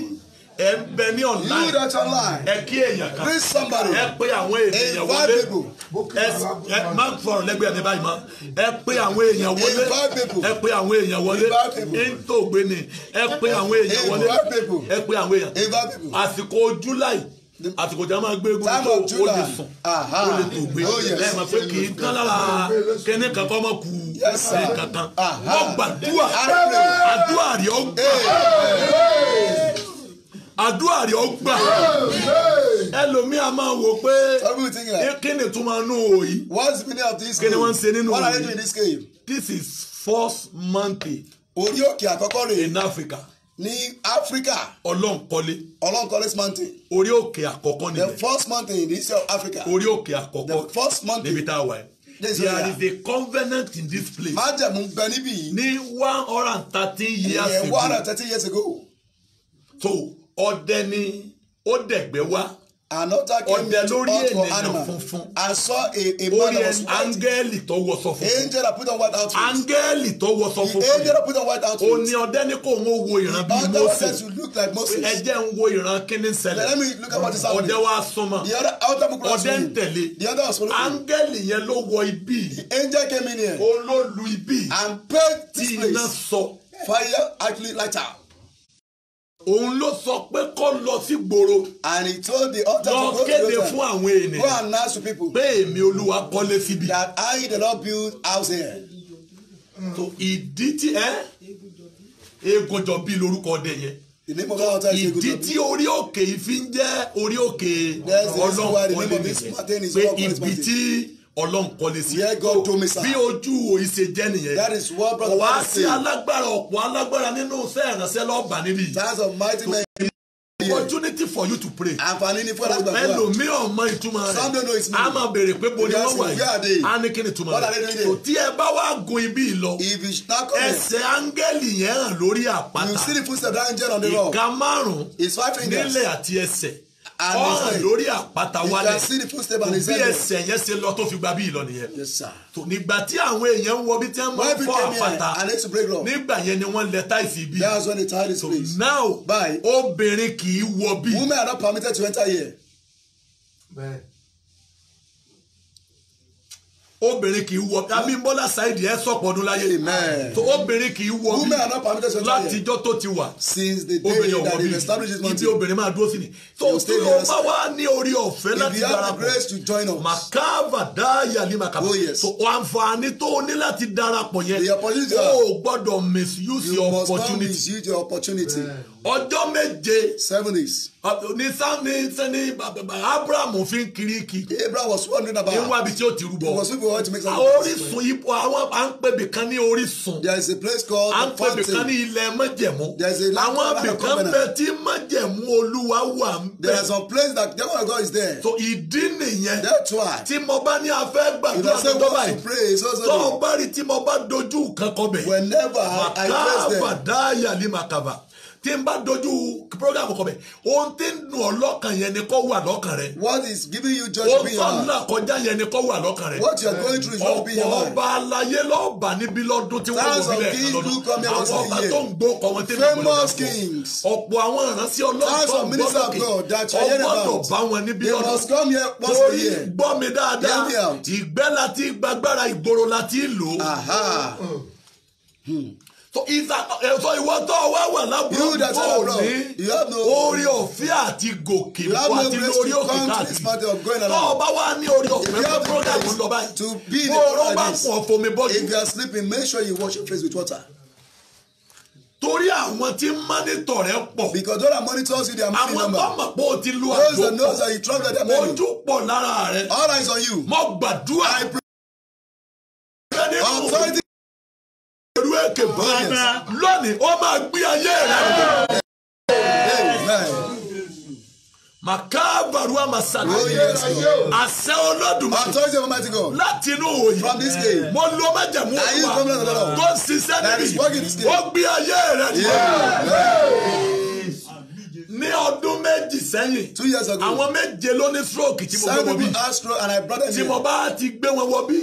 S1: ẹ ń bẹ ní online. you that are lying. ẹ kí èèyàn kan. please somebody. ẹ pé àwọn èèyàn wọlé. people. ẹ má fọ̀rọ̀ lẹ́gbẹ̀ẹ́ mi báyìí mọ́. ẹ pé àwọn èèyàn wọlé. people. ẹ pé àwọn èèyàn wọlé. invite people. ntògbé ni ẹ pé àwọn èèyàn wọlé. people. ẹ pé àwọn èèyàn. àsìkò July àsìkò tí a máa gbé egungun tó o lè sùn o lè tó gbé lẹ́yìn oh, máa pé kì í tán lára kẹ́ni kankan ọmọ kù ní kankan wọ́n gbàdúrà àdúrà rẹ̀ ó gbà àdúrà rẹ̀ ó gbà ẹlòmíà máa wò pé kí ni túmọ̀ nù òyì kí ni wọ́n ń ṣe nínú òyì this is first Monday. orí òkè àkọ́kọ́ rèé in Africa ní áfíríkà. ọlọ́nkọ́lé. ọlọ́nkọ́lé mountain. orí òkè àkọ́kọ́ níbẹ̀. the first mountain in this east of Africa. orí òkè àkọ́kọ́. the first mountain. níbi tá a wà yẹn. there is a covenant in this place. májẹ̀mú bẹ níbí. ní one hundred and thirteen years ago. one hundred and thirteen years ago. so ọdẹ ni ó dẹ̀gbẹ́ wá. another came ọdẹ lórí ènìyàn funfun. and saw a man that was white. orí angẹ́lì tó wọṣọ funfun. angel put on white outfit. angẹ́lì tó wọṣọ funfun. the angel that put on white outfit. òní ọdẹ ní kò ń wo ìran bíi Mósè. the other person look like Moses. ẹ jẹ́ ń wo ìran kíní ṣẹlẹ̀. let me look at what ọdẹ wa súnmọ́. the other outer book was me. ọdẹ ń tẹ̀lé. the other was following. angẹ́lì yẹn ló wọ ibi. the angel came in here. olólu ibi. and paid this place. tí iná sọ. fire actually light out òun ló sọ pé kó lọ sí gbòòrò. and he told the altar to go to Joseph. lọ kéde fún àwọn ènìyàn. go and announce to people. pé èmi olúwa kọ́lé síbi. that I the Lord build house here. so ìdí tí ẹ egunjọ bí lórúkọ ọdẹ yẹn. the name of that altar is egunjọ bí. ìdí tí orí òkè ìfi ń jẹ́ orí òkè ọlọ́run ọdẹ yẹn pé ibi tí ọlọ́run kọ́lé sí i bí ojú ìṣe jẹ́ nìyẹn kò wá sí alágbára ọ̀pọ̀ alágbára nínú iṣẹ́ lọ́ọ̀bà níbí opportunity for you to pray. àǹfààní ni fúnra gbàgbọ́. ẹlòmíì ọmọ ìtumọ̀ rẹ̀. some don't know its meaning. a máa béèrè pé bo ni wọ́n wà yìí. a ní kí ni ìtumọ̀ rẹ̀. tó tí ẹ bá wá gun ibi lọ. if it's not coming. ẹsẹ̀ áńgẹ́lì yẹn hàn lórí àpáta. you see the footsteps that angel on the rock. ìka márùn-ún. nílẹ̀ àti ẹsẹ̀ ọ̀ràn lórí àpáta wálẹ̀ bí ẹsẹ̀ yẹn ṣe lọ tó fi gba bí ìlọ nìyẹn nígbà tí àwọn èèyàn ń wọ bí tí wọ́n máa ń fọ́ àpáta nígbà yẹn ni wọ́n lẹ táìsì bí so now obìnrin kì í wọ bí. women are not permitted to enter here. Bẹ́ẹ̀ obìnrin kì í wọ àmì bọ́lá ṣáìdì ẹ sọ̀pọ̀ ọdún láyé so obìnrin kì í wọ bí látijọ́ tó ti wà obìnrin ọ̀wọ́ bí ibi obìnrin máa dúró sí ni so tí o bá wá ní orí ọ̀fẹ́ láti darapọ̀ màkàbà dáyà ní màkàbà so àǹfààní tó o ní láti darapọ̀ yẹn o gbọ́dọ̀ misuse your opportunity ọjọ́ méje. seven days. ní sami abraham fi ń kiri ki. abraham was wondering about. ewu abi tí o ti rúbọ. he was looking for how to make sense. orísun ipò àwọn à kan ní orísun. there is a place called the fountain. à kan ní ilẹ̀ májẹ̀mú. there is a land called the covenant. àwọn abìkan bẹ tí májẹ̀mú olúwa wà ń bẹ. there is some place that the word of God is there. so ìdí nìyẹn. that's why. tí mo bá ní afẹ́ gbàdúrà tó dọ́bà yìí. if I say want to pray so so. tọ́ ọ bá rí tí mo bá dojú kankan bẹ̀. whenever I, I press them. màkà àbàdá yàlí màkàbà tí n bá dojú program kọ bẹ ohun tí ń dùn ọ lọ́kàn yẹn ni kó wà lọ́kàn rẹ. what is giving you joy to be your heart. ohun tó ń là kọjá yẹn ni kó wà lọ́kàn rẹ. what you are going through is not being your mind. ọ̀pọ̀ ọba aláyé lọ́ọ̀bà níbi lọ́dún tí wọ́n wọ bílẹ̀ kan lọ́dún àwọn ọba tó ń gbó kọ wọn tí wọ́n wọlé lọ́dún. ọ̀pọ̀ àwọn ìránṣẹ́ ọlọ́run tó ń gbọ́dọ̀ kì í ọgbọ́dọ̀ so isa so ìwọ tó wá wà lábúrò tó ní orí ọ̀fẹ́ àti gòkè wà ti lórí òkè káàkiri tó o bá wá ní orí ọ̀fẹ́ fún program lọ báyìí mo rọ bá fún ọ̀fọ̀ mi bọ́ọ̀lù. if you are sleeping make sure you wash your face with water. torí àwọn tí mánítọ̀ rẹ pọ̀. because all that monitors you their money number. àwọn tó mọ̀ pé o ti lu àjò pọ̀. those
S2: that knows that you travel their money. ojú pọ̀ lára rẹ. all eyes on you. mo gbàdúrà. I pray gbẹ́kẹ̀ báyẹn lónìí ó máa gbé ayé rẹ̀.
S1: makabarua masana àṣẹ Olódùmarè láti inú òye mo lo májẹ̀mú wa tó ń ṣiṣẹ́ níbi ó gbé ayé rẹ̀ nípa ní ọdún méjì sẹ́yìn. àwọn méje ló ní stroke tí mo gbé wọ bí. I brought them here. tí mo bá ti gbé wọn wọ bí.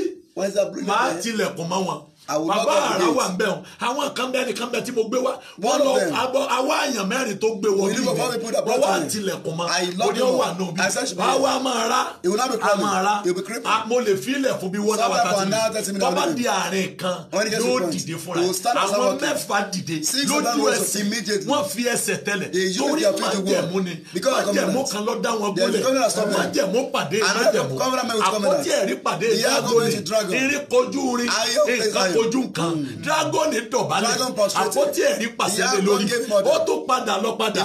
S1: màá tilẹ̀kùn mọ́ wọn bàbá àrà wà ń bẹ̀ wọn àwọn kan bẹ́ẹ̀ nìkan bẹ́ẹ̀ tí mo gbé wá wọ́n lọ abọ́ àwọn àyàn mẹ́rin tó gbé wọ́n níbẹ̀ wọ́n wá tilẹ̀kùn ma o wà nù àwa máa ra a ra mo lè fi ilẹ̀ fún bí wọ́n náà tàbí bàbá di àárín kan yóò dìde fúnra àwọn mẹ́fà dìde lójú ẹsẹ̀ wọ́n fi ẹsẹ̀ tẹ̀lẹ̀ torí májẹ̀mú ni májẹ̀mú kan lọ dá wọn gbọ́lẹ̀ májẹ̀mú pàdé májẹ̀mú àpótí ẹ̀rí pàdé ìdágolè ìrí kojú rin nǹkan fojú nǹkan hmm. dragon dọ̀bálẹ̀ àpótí ẹ̀rí pàṣẹ lé lórí ó tún padà lọ padà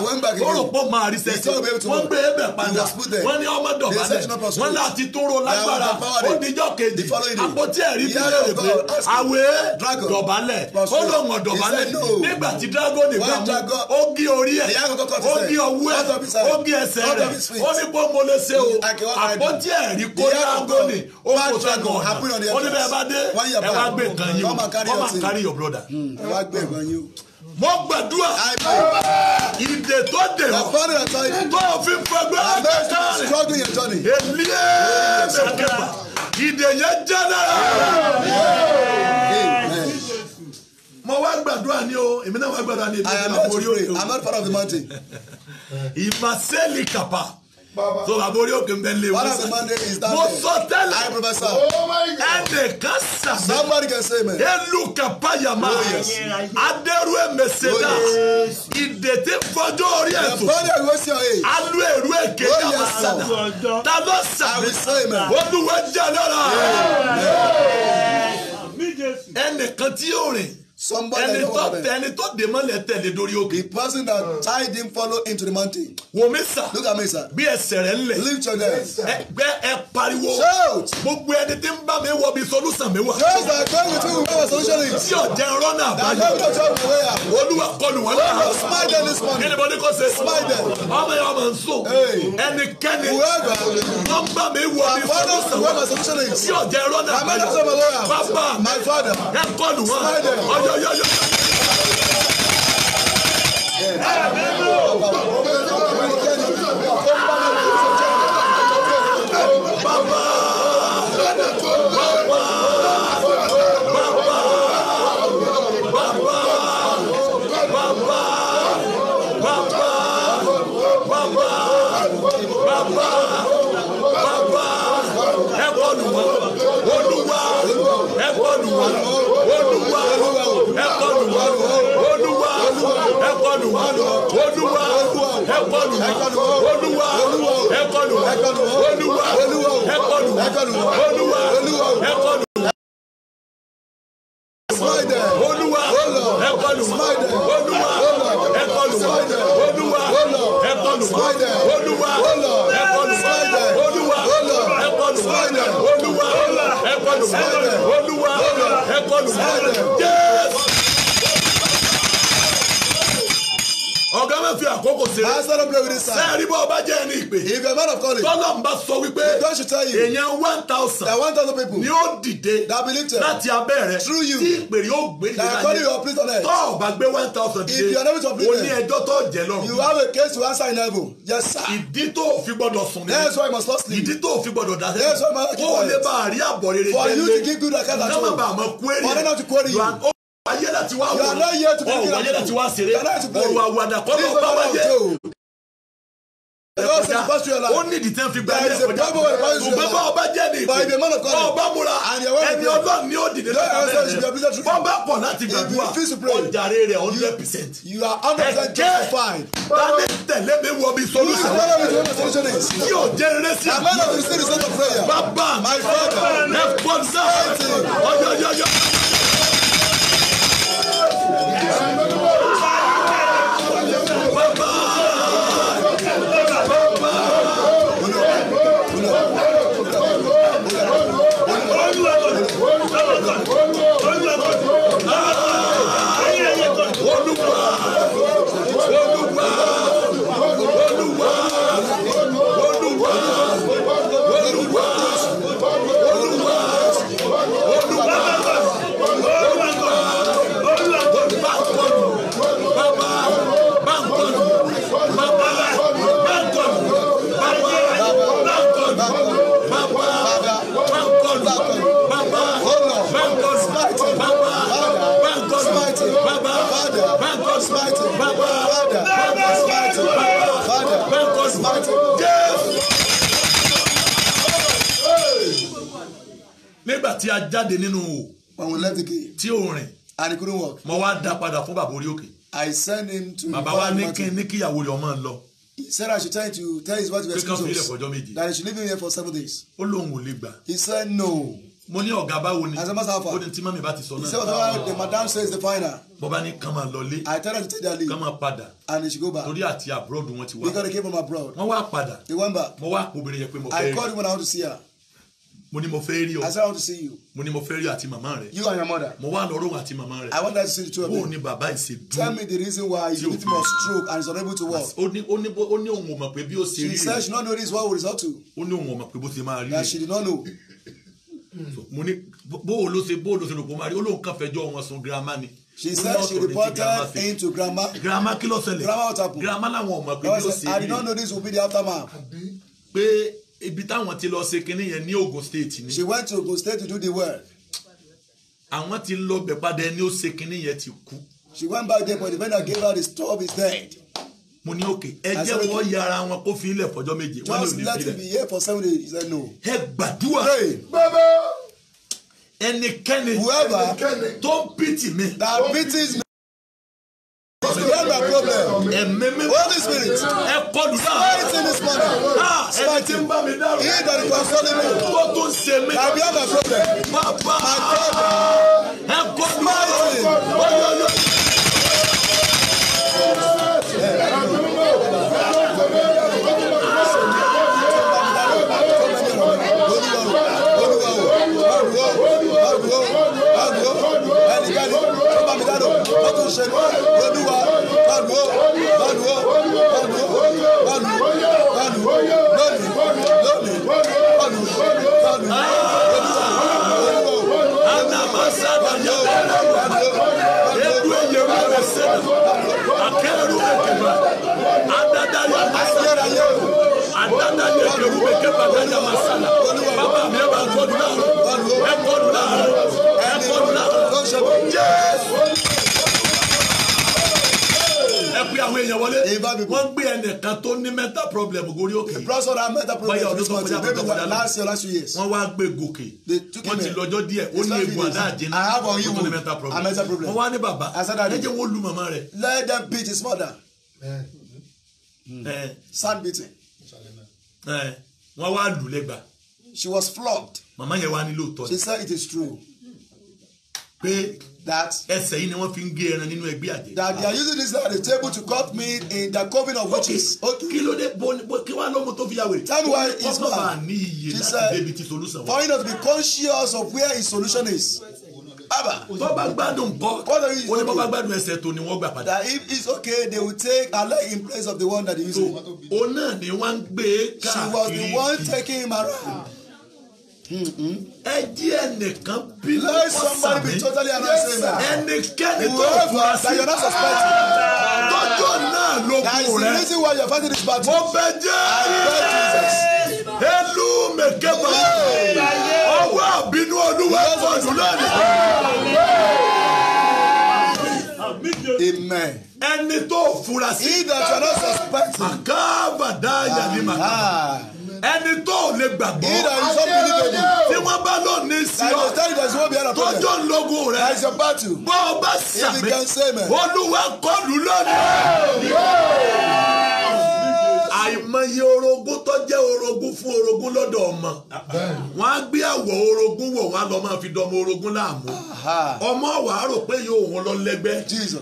S1: ó rò pọ̀ máa rí sẹ́sì wọ́n gbé ẹbẹ̀ padà wọ́n ní ọmọ dọ̀bálẹ̀ wọ́n láti tún ro lágbára ó díjọ́ kejì àpótí ẹ̀rí bí lè pé àwẹ̀ dọ̀bálẹ̀ ó lọ wọ̀n dọ̀bálẹ̀ nígbà tí dragon gbà mú ó gé orí ẹ̀ ó gé ọwọ́ ẹ̀ ó gé ẹsẹ̀ rẹ̀ ó ní bó mo lè ṣe o àpótí dragon ó kó sẹ́gun you come and carry, come and carry your brother. Hmm. ẹ wá gbé ìbọn yín o mo gbàdúrà ìdè tó dè ọ́ tó fi fagbá kẹta rẹ̀ èlé mẹ́kẹ́fà ìdè yẹn jẹ́ náà. mo wá gbàdúrà ni o èmi náà wá gbàdúrà ni èmi náà wá gbòòrí I am not part of the mountain. ìmàsẹ́lì kàpá so bàbá orí òkè nbẹ lé wọn sàn mo sọ tẹ́lẹ̀ oh ẹnì kan sàmì elu kapa yama adẹrù emeseda ìdètè fọjọ orí ẹtù alu èrú èké yama sada tàbí sàmì olùwẹjẹ náírà ẹnì kan tí yóò rìn ẹni tó dè mọ́lẹ̀ tẹ̀lé dórí òkè. the person that uh. tied him follow him to the mountain. wò mí sà. look at me sà. bí ẹsẹ̀ rẹ̀ ńlẹ̀. lift your leg. ẹgbẹ́ ẹ pariwo. shout. gbogbo ẹni tí ń bá mi wọ bí solúsàn mi wà. those that go with me will be our solutionist. tí ọ̀jẹ̀ ń rọ́nà àbáyọ. that help to talk to where. olúwa kọlù wọn. olúwa smile dem this morning. kí ni mo ní kó smile dem. ọmọ yẹn ọmọ ń sùn. ẹnikẹ́ni. whoever. wọ́n bá mi wọ bí solúsàn wà. tí ọ̀jẹ̀ ń rọ́nà àbáyọ. bàbá mi. my father. ẹ kọlù wọn. smile dem. ai, ai, ai. Baba! lifted. láti abẹ́ rẹ through you. tí ìpèrè ó gbé ní ayé. according to your prison head. tọ́ ọ̀bà gbé one thousand today. if you are not able to bring them. o ní ẹjọ́ tó jẹ lọ́rùn. you have a case to answer in heaven. yes sir. ìdí tó o fi gbọdọ̀ sùn ní. that's why you must not sleep. ìdí tó o fi gbọdọ̀ dá sẹ́yìn. that's why you must not keep quiet. kó o lè bá a rí àbọ̀ rere jẹ́ lé. for you to give good account at home. kọ́mọ̀ bá a mọ̀ kúrẹ́rì. for them not to query you wáyé láti wá wò ó wáyé láti wá ṣeré òwò àwàdà kọ́ ló ó ní ìdí tẹ́ fi gba ilé ẹ̀kọ́ jà ṣùgbọ́n bá ọba jẹ́ ní ìpè ọba múra ẹni ọlọ́run ni ó dìde lọ́kàn bọ́n bá pọ̀ láti gbàdúrà ọjàre rẹ̀ hundred percent ẹ̀jẹ̀ tani tẹ̀lé mi wọ mi solution tí o jẹ́ rẹ́sì bàbá mi ẹ̀fọ́nsá ọjọ́ ọjọ́ ọjọ́.
S2: Vamos! Vâng, vâng.
S1: tí a jáde nínú o. when we tí o rìn. and he couldn't mo wá dá padà fún bàbá orí òkè. I send him to. bàbá wa ní kí ní kíyàwó rẹ̀ ọmọ lọ. He said I should try to tell his wife to excuse excused. pé kí fi ilẹ̀ fọjọ́ méje. that he should leave him here for seven days. ó lóun ò lè gbà. he said no mo ní ọ̀gá báwo ni ó ní tí mọ́mí bá ti sọ náà. he said whatever the madam says the final. bọ́bá ní kàn máa lọlé. I tell her to take their leave. kàn máa padà. and she should go back. torí àti abroad wọn ti wá. because they came from abroad. wọ́n wá padà. they went back. mo wá obìnrin yẹn pé mo fẹ́ rí. I called him when I want to see her mo ní mo fẹ́ rí ọ. I said I want to see you. mo ní mo fẹ́ rí àti màmá rẹ. you and your mother. mo wá lọ ròhùn àti màmá rẹ. I want to see the two of them. wo ni bàbá ìṣe dùn. tell me the reason why he is victim stroke and is unable to walk. ó ní ó ní ó ní òun ò mọ̀ pé bí ó ṣe rí rẹ̀. she said she no know this what will result to. ó ní òun ò mọ̀ pé bó ṣe máa rí rẹ̀. that she did not know. mo ní bó ló ṣe bó ló ṣe lóko máa rí olóhùn kan fẹjọ́ wọn sun girama ni. she said she reported into grandma. grandma kí ló ṣẹlẹ̀. grandma what happened. grandma làwọn ò mọ̀ pé bí ó ṣe rí rẹ̀. I did not know this would be the aftermath. pé ibi táwọn ti lọ ṣe kinní yẹn ní Ogun State ni. she went to Ogun State to do the work. àwọn ti lọ bẹ̀ padà ẹni ó ṣe kinní yẹn ti kú. she went back there but the man gave her the stop is dead. mo ní òkè ẹ jẹ́ wọ́n wọn kó fi ilẹ̀ fọjọ́ méje wọ́n ní òní ìpínlẹ̀. just let him be here for seven days he said no. ẹ gbàdúrà. bàbá. ẹnikẹ́ni tó ń pìtì mi. that pity me ẹ̀mẹ́mẹ́. holy spirit. ẹ kọlu náà. everything is money. ah ẹni tí ń bá mi dárò. he that is consoling me. tó tó ń ṣe mí. àbí ọ̀gá problem. bàbá ẹ kọlu náà.
S2: ọ̀yọ̀yọ̀. ẹnikẹ́ni tó bá mi dárò ó tún ṣe ní ọdún bọ́ọ̀lù ó bọ́ọ̀lù ó bọ́ọ̀lù ó
S1: bọ́ọ̀lù ó bọ́ọ̀lù ó bọ́ọ̀lù ó lónìí lónìí bọ́ọ̀lù ó bọ́ọ̀lù ó bọ́ọ̀lù ó anamasa banyabana wabana eku eyewu esena ẹ pé àwọn èèyàn wọlé wọ́n gbé ẹnìkan tó ní mental problem gorí òkè báyọ̀ ọdún tó kọjá tó kọjá lọ wọ́n wá gbé gòkè wọ́n ti lọ́jọ́ díẹ̀ ó ní egun àdá àjẹná ó ní mental problem wọ́n wá ní bàbá lẹ́jẹ̀ wọ́n lu màmá rẹ̀. let them beat his mother. Eh. Hmm. Eh. sand beating. Eh. wọ́n wá lù lẹ́gbàá. she was flogged. màmá yẹn wá ní lóòótọ́. she said it is true. pé that ẹsẹ̀ yìí ni wọ́n fi ń gé ẹran nínú ẹgbẹ́ àjẹ́. that they are using this as a table to cut meat in the coven of witches. okay kí ló dé bo kí wàá lọ́mọ tó fi yà wèrè. tell me why his plan kọ́kọ́ ní iye láti débi ti solution. for him not to be conscious of where his solution is. baba tó bá gbádùn bọ́ ó ní bọ́ bá gbádùn ẹsẹ̀ tó ni wọ́n gbà padà. that if it's okay they will take Allah in place of the one that he used. o náà ni wọ́n gbé káàkiri. she was the one taking him around. Mm-hmm. ẹ jí ẹnìkan bí lọ́wọ́ sàmì ẹnikẹ́ni tó fura sí tọ́jú náà ló kú rẹ̀ mo bẹ jẹ́ elu mẹ̀kẹ́bà ọwọ́ àbínú olúwa fọdún lónìí. amen ẹni tó fura sí. he that you are not suspecting. àkàbàdá yàrá màkà. Ah ẹni tó ò lè gbàgbọ́. he that is not believable. tí wọ́n bá lò ní sí be another problem. tọ́jọ́ ńlọgùn rẹ. that is your battle. bọ́ ọ bá sàmì. if can say amen. olúwa kọlù lónìí àìmọye orogún tó jẹ́ orogún fún orogún lọ́dọ̀ ọmọ wọ́n á gbé àwọ̀ orogún wọ̀ wọ́n á lọ máa fi dọmọ orogún láàmú ọmọ wàá rò pé yóò wọn lọ lẹ́gbẹ́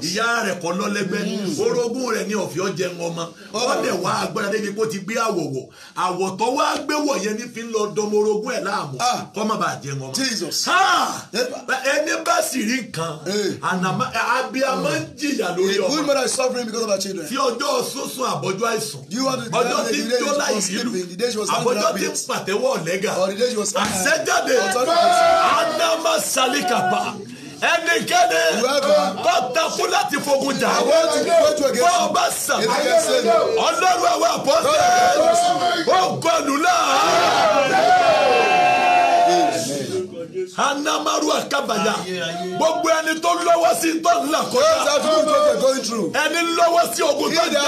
S1: ìyá rẹ̀ kọ́ lọ lẹ́gbẹ́ mm. orogún rẹ̀ ní ọ̀fíọ́ jẹun ọmọ wọ́n oh. dẹ̀ agbára débi kó ti gbé àwọ̀ wọ̀ àwọ̀ tó wá gbé wọ̀ yẹn ní fi lọ dọmọ orogún ẹ̀ láàmú ah. kọ́ má bàa jẹun ọmọ ẹni bá sì rí nǹkan eh. abiyamọ ń jìyà lórí ọmọ fi ọjọ́ sunsun àbọ̀jú àìsàn ọjọ́ tí ń jó láì sílù àbọ̀jọ́ tí ń pàtẹ́wọ́ lẹ́gà àṣẹjáde anamọ salikapa ẹnikẹ́ni tó takú láti fogun jà bọ́ ọ bá sàn ọlọ́run àwọn àpọ́sẹ̀ ó gbọ́dúnlá anamaru akabaya gbogbo ẹni tó lọ́wọ́ sí tó ń là kọjá ẹni lọ́wọ́ sí ogun tó ń jà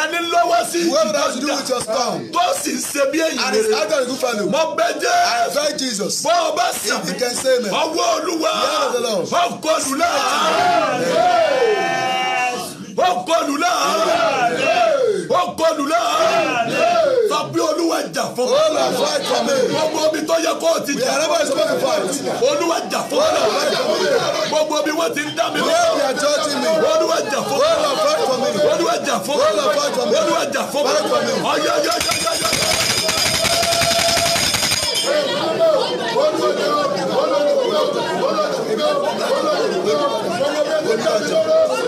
S1: ẹni lọ́wọ́ sí ìtajà tó sì ń ṣe bí èyí rere mo bẹ jẹ́ bọ́ ọ bá sàmì ọwọ́ olúwa ọkọlù náà ọkọlù náà ọkọlù náà sọ pé olú olúwa jà fún mi. ó máa fọ́ ẹ̀jẹ̀ mi. gbogbo omi tó yẹ kó o ti jà. yàrá bá ìṣòro ìfọ̀ àti ìjà. olúwa jà fún mi. gbogbo omi wọ́n ti ń dá mi. wọ́n mi àjọ ti mi. olúwa jà fún mi. ó máa fọ́ ẹ̀jẹ̀ mi. olúwa jà fún mi. ó máa fọ́ ẹ̀jẹ̀ mi. olúwa jà fún mi. ọ̀yọ̀ yọ̀ yọ̀ yọ̀ yọ̀. Thank you.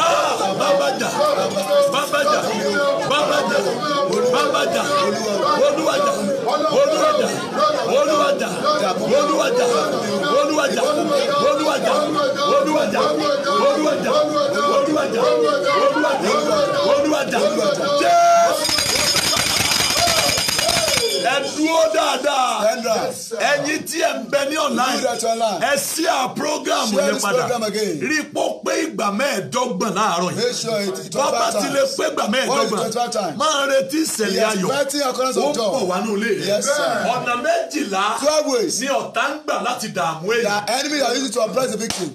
S1: babaja babaja babaja babaja olúwajà olúwajà olúwajà olúwajà olúwajà olúwajà olúwajà olúwajà olúwajà olúwajà olúwajà jẹ́. ẹ̀yin tí ẹ ń bẹ ní online ẹ sí à program yẹn padà rí i pọ́ pé ìgbà mẹ́ẹ̀ẹ́dọ́gbọ̀n láàárọ̀ yìí bọ́bá ti lè pé ìgbà mẹ́ẹ̀ẹ́dọ́gbọ̀n máa retí ìṣẹ̀lẹ̀ ayọ̀ ó pọ̀ wá ní olè ọ̀nà méjìlá ní ọ̀tá ń gbà láti dààmú èyí. the enemy are using to oppress the victim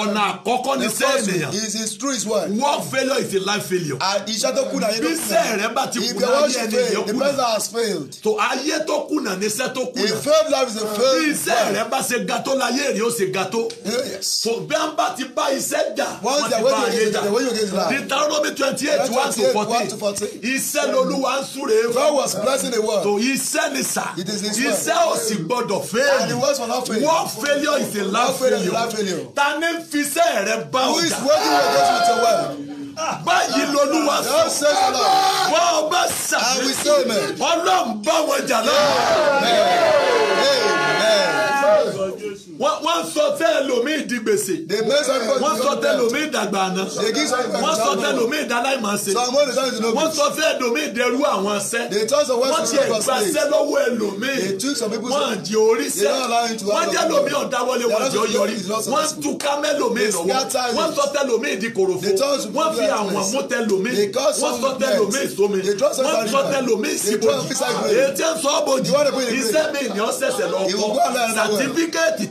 S1: ọ̀nà àkọ́kọ́ ni sẹ́ ènìyàn. is true is what. work failure is a life failure. and iṣẹ́ tó kùnà yẹn tó kùnà. bísẹ̀ rẹ bá ti kùnà ayé ẹni kùnà. the person has failed. To ayé tó kùnà ni iṣẹ́ tó kùnà. a failed life is a failed life. bísẹ̀ rẹ bá ṣe gàtó láyé èrè ó ṣe gàtó. Eh, yes. so bí wọ́n bá ti bá iṣẹ́ jà wọ́n ti bá ayé jà. Deuteronomy twenty eight one to fourteen. iṣẹ́ lolúwa ń súre. God was blessing the world. tó iṣẹ́ ni sà. it is his word. iṣẹ́ ò sì gbọdọ̀ fail. and the words for not fail. work failure is a life failure. ta ń fi iṣẹ́ rẹ bá ọ̀dà. who is working with us with your wife ah, báyìí lolúwa sọ wọ́n ọba sàmì ọlọ́run bá wọn jà
S2: lọ́wọ́
S1: wọ́n sọ tẹ́ lomi di gbèsè. wọ́n sọ tẹ́ lomi dàgbà àná. wọ́n sọ tẹ́ lomi ìdáláìmọ̀ọ́sẹ̀. wọ́n sọ tẹ́ lomi ìdẹrú àwọn sẹ́. wọ́n ti ẹ̀gbà sẹ́ lọ́wọ́ ẹ lomi. wọ́n di orí sẹ́. wọ́n jẹ́ lomi ọ̀dáwọlé wọ́n jọ yọrí. wọ́n tú kámẹ́ lomi lọ́wọ́. wọ́n sọ tẹ́ lomi ìdí korofo. wọ́n fi àwọn mú tẹ́ lomi. wọ́n sọ tẹ́ lomi ìsomi. wọ́n sọ tẹ́ lomi ìsibojì. èyí tẹ́ sọ́ọ́bojì. iṣẹ́ mi ni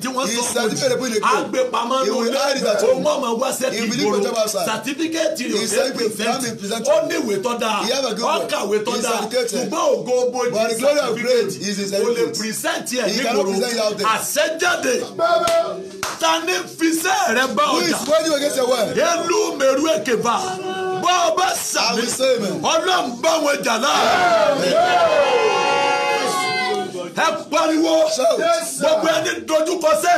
S1: ọ wọ́n sọ fún mi agbèpamọ́ lulẹ̀ òun ọmọ wá sẹ́tì ìgboro sàtífíkẹ́tì rẹ̀ fẹ́ pẹ̀sẹ̀ntì ó ní ìwé tọ́ da ó kàwé tọ́ da ṣùgbọ́n ògo bojì sàtífíkẹ́tì kò lè pẹ̀sẹ̀ntì ẹ̀ nígboro àṣẹjáde tani fisẹ́ rẹ bá ọjà elu mẹ́rú èkèbà bọ́ ọ bá sàmì ọlọ́run bá wọn ẹ pariwo gbogbo ẹni dojú kọ sẹ.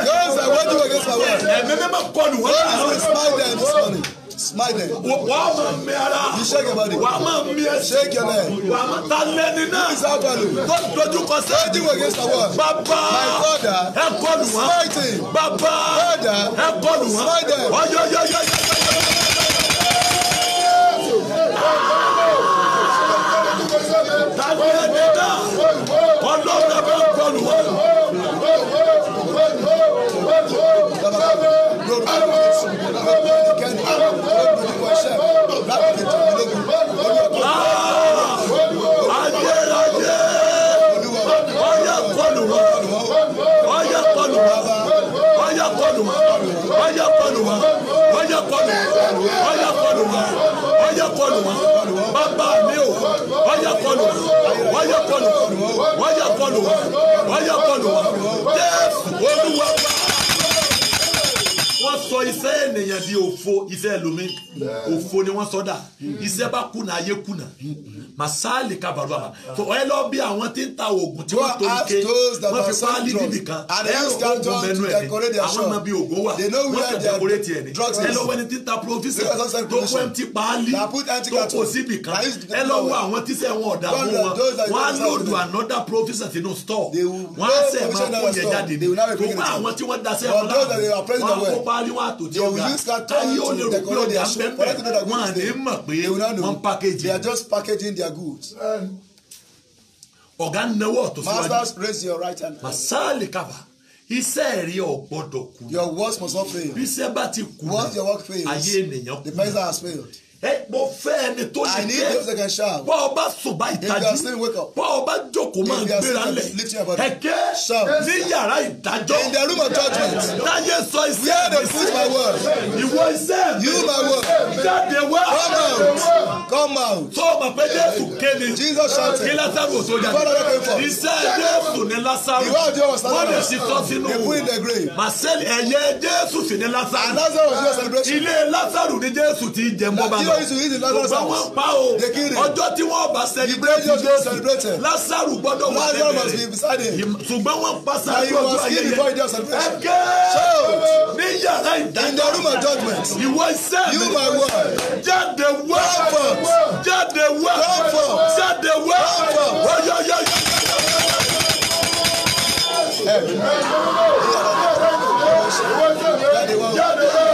S1: ẹ̀mí mímọ́ kọlù wọn kà á. Smile them. Wàá máa mi ara. You shake your body. Wàá máa mi ẹ. Shake your leg. Wàá máa ta lẹ́ni náà. Please have value. Tó dojú kọ sí. Don't do against the wall. Bàbá. My father. Ẹ kọlù wọn. Smite him. Bàbá. Father. Ẹ kọlù wọn. Smite them. Ọyọyọyọyọ
S2: tàbí ẹni dá ọlọ́run ẹ bá gbọ́lù wọn. Ayérayé,
S1: ọyẹ kọlù wọn, ọyẹ ọyà kọlù wọn bàbá mi o ọyà kọlù wọn ọyà kọlù wọn ọyà kọlù wọn ọyà kọlù wọn jésù olúwa wọ́n sọ iṣẹ́ ènìyàn di òfo iṣẹ́ ẹlòmí òfo ni wọ́n sọ dà iṣẹ́ bá kùnà ayé kùnà màsáàlì ká bàbá wa ẹ lọ bí àwọn tí ń ta oògùn tí wọ́n tó ike wọ́n fi pálí bíbí kan ẹ oògùn mẹ́nu ẹ̀ ni àwọn ọmọ bíi oògùn wà wọ́n kẹ̀ dẹ́kórè tiẹ̀ ni ẹ lọ wẹ́ni tí ń ta provision tó kó ẹ̀ ti pálí tó kó síbì kan ẹ lọ wọ àwọn tíṣẹ́ wọn ọ̀dà mú wọn wọ́n á lòdù another provision sínú store wọ́n á sẹ̀ máa kó yẹn jáde ní gbogbo àwọn tí wọ́n daṣẹ́ wọn láwọn àríwá àtòjẹ ọ̀gá ayé ò lè rò pé ọjà pẹ́pẹ́ wọn à ní mọ̀ pé wọ́n package. they are just packaging their goods. ọ̀gá náwó ọ̀tún masters raise your right hand. masali kaba iṣẹ́ rí ò gbọ́dọ̀ kú. your words must not fail. bí iṣẹ́ bá ti kú. once your work fails. ayé ènìyàn kú. the person has failed mo fẹ́ ẹni tó lè kẹ́ bọ́ ọ bá sùn bá ìtají bọ́ ọ bá jókòó máa gbéra lẹ̀ ẹ̀kẹ́ ní yàrá ìdájọ́ táyé sọ iṣẹ́ mi sí ìwọ iṣẹ́ mi jáde wá come out tó o mọ̀ pé Jésù kéde kí Lásárù tó jáde iṣẹ́ Jésù ni Lásárù wọ́n lè ṣe tọ́ sínú màsẹ́lì ẹ̀yẹ Jésù sì ni Lásárù ilé Lásárù ni Jésù ti jẹ mọ́ bàbá. Lazarus used to eat the Lazarus house. wọ́n pa o ọjọ́ tí wọ́n bá celebrate Jésù Lazarus gbọ́dọ̀ wà lẹ́bẹ̀rẹ̀ ṣùgbọ́n wọ́n pa sáájú ọjọ́ ayẹyẹ ẹ̀kẹ́ ní yàrá ìdájọ́ ìwọ iṣẹ́ mi jáde wá jáde wá jáde wá ọyọyọyọ.
S2: Jáde wá.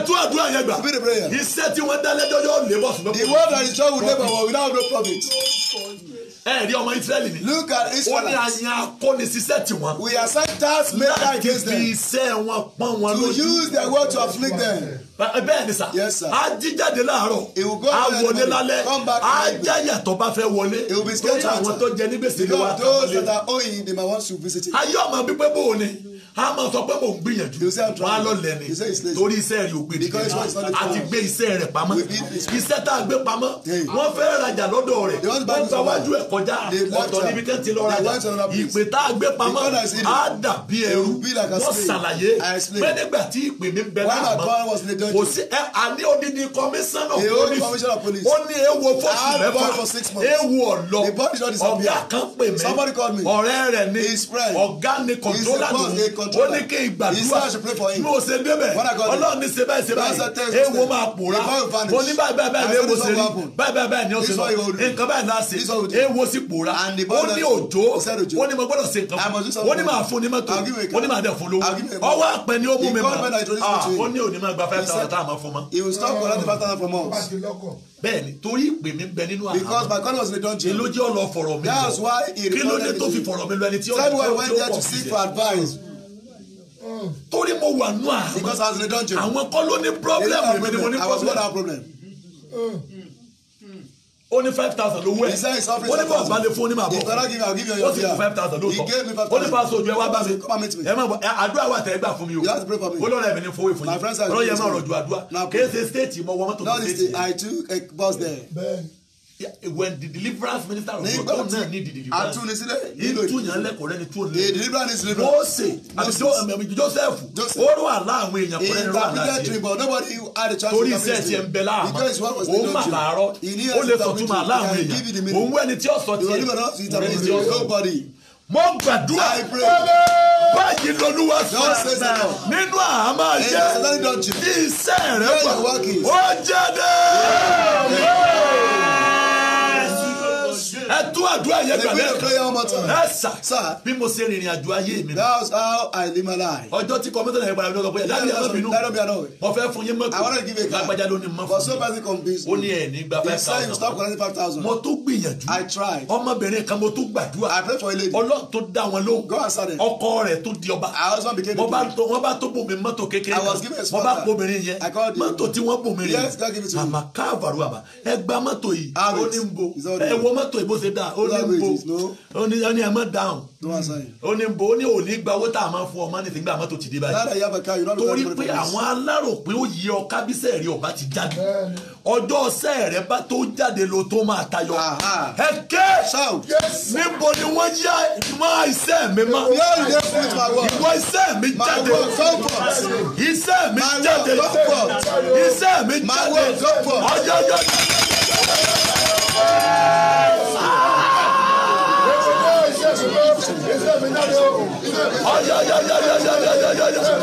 S1: ẹ tún àdúrà yẹn gbà iṣẹ́ tí wọ́n dálẹ́jọ́ yóò lébọ̀ ṣùgbọ́n. the word that is done with labour but without no profit. ẹ rí ọmọ israẹli ni. look at israel. ó ní àyàn akónisíṣẹ́ tiwọn. we are sent task maker against them. láti fi iṣẹ́ wọn pọ́n wọn lójú. to use their word to afflict them bẹ́ẹ̀ ni sà á jí jáde láàárọ̀ á wọlé lálẹ́ á jáyà tó bá fẹ́ wọlé lórí àwọn tó jẹ ní gbèsè ló wà tó wọlé ayé ọmọ pípẹ́ bò ó ni a máa sọ pé mò ń gbìyànjú wàá lọ lẹ́ni torí iṣẹ́ rẹ̀ ò gbé dìde àti gbé iṣẹ́ rẹ̀ pamọ́ iṣẹ́ tá a gbé pamọ́ wọ́n fẹ́ rajà lọ́dọ̀ rẹ̀ wọ́n gba wájú ẹ̀ kọjá ọ̀tọ̀ níbi tẹ́ ti lọ rajà ìpè tá a gbé pamọ́ á dàbí ẹrú wọ́n ṣàlàyé pé nígbà tí ìpè mi bẹ náà mọ́ kò sí ẹ àní odidi kọmíṣánná pólísì ó ní ewu fọ́ọ̀sì mẹ́fà ewu ọ̀lọ́ ọ̀gá kan pè mí ọ̀rẹ́ rẹ̀ ni ọ̀gá ni kọ̀ńtólà lòun control them. ó ní kí ìgbàdúrà he said I pray for him. mi ò ṣe débẹ̀ ọlọ́run ní ṣe báyìí ṣe báyìí ewo máa pòórá mo ní báyìí báyìí báyìí ewo ṣe rí báyìí báyìí báyìí ni ó ṣe lọ nǹkan báyìí náà ṣe ewo sì pòórá ó ní òjò ó ní mo gbọ́dọ̀ ṣe nǹkan ó ní máa fún ní mọ́tò ó ní máa dẹ̀ fún lówó ọwọ́ àpẹ ni ó mú mi mọ́ ah, ó ní òní máa gba five thousand táwọn máa fún mọ́ bẹ́ẹ̀ni torí ìpè mi bẹ nínú àná. because my God was in the dungeon. ìlójú ọlọ fọ̀rọ̀ mi lọ. that's why he reported me. kí ló dé tó fi fọ̀rọ̀ mi lọ ẹni tí ọlọ tó pọ̀ sí. tell me why you went there to seek for advice torí mo wà nù àwọn because as they don change àwọn kọ́ ló ní problem èmi ni mo problem I was not that problem. ó ní five thousand lówó ẹ̀ ó ní bọ́ọ̀sì bá lè fún onímọ̀ àbọ̀ ó sì fún five thousand lóòótọ́ ó ní pàṣẹ ojú ẹ wá bá mi ẹ má bọ̀ àdúrà wà tẹ̀ ẹ gbà fún mi o ó lọ́rọ̀ ẹ̀mí ni fowó ìfún yìí ó yẹ má rọ̀jò àdúrà kì í ṣe stéètì mọ́ wọ́n mọ́tò stéètì when the deliverance minister of God don náà ní the deliverance ìtúnyàn lẹ́kọ̀ọ́ rẹ ni tó lé Mósè àbí um, um, Joseph ó rọ àlá àwọn èèyàn kọ́ rẹ rọ àlá tiẹ̀ torí iṣẹ́ tiẹ̀ ń bẹ láàmú òun mà láàárọ̀ ó lè sọ̀tún mà láàmú èèyàn òun wẹ́ni tí ó sọ tiẹ̀ òun ni tí ó sọ mo gbàdúrà báyìí lolúwa sọ̀rọ̀ nínú àhámọ́ ayé iṣẹ́ rẹ̀ wà ó jáde
S2: ẹ tún àdúrà yẹn gbà lẹ́ẹ̀kan
S1: ẹ sà bí mo ṣe rìnrìn àjò ayé mi. that's how I live my life. ọjọ́ tí kọ́mọ́tò náà yẹ gbàdúrà lọ́kọ̀ yẹ lábẹ́ ẹ̀rọ bínú ọ̀fẹ́ fún yín mọ́tò lágbájá ló ní mọ́ fún mi ó ní ẹ̀ ní gba five thousand. mo tún gbìyànjú ọmọbìnrin kan mo tún gbàdúrà ọlọ́run tó dá wọn lóhùn ọkọ rẹ̀ tó di ọba wọ́n bá tó bùnmi mọ́tò kékeré kan wọ́n bá bùnmi yẹn mọ́tò tí wọ́n bùnmi yẹn àmà káàbàrù àbà ẹ gba mọ́tò yìí ó ní ń bo ẹ wọ mọ́tò yìí bó ṣe dà ó ní bo ó ní ẹ mọ dáhùn ó ní bo ó ní òní gba owó tá a máa fún ọmọ ní ìgbà mọ́tò ti dé báyìí torí pé àwọn aláròpin ó yẹ ọ kábísẹ̀ rẹ ọba ti jáde ọjọ́ ọsẹ́ rẹ bá tó jáde lo tó máa tayọ ẹ ké níbo ni wọ́n yá ìmọ̀ iṣẹ́ mi mọ́ ìwọ iṣẹ́ mi jáde iṣẹ́ mi jáde iṣẹ́ mi jáde ọjọ́ ọjọ́.
S2: mi jáde o ọyọ yọ yọ yọ yọ yọ yọ yọ yọ.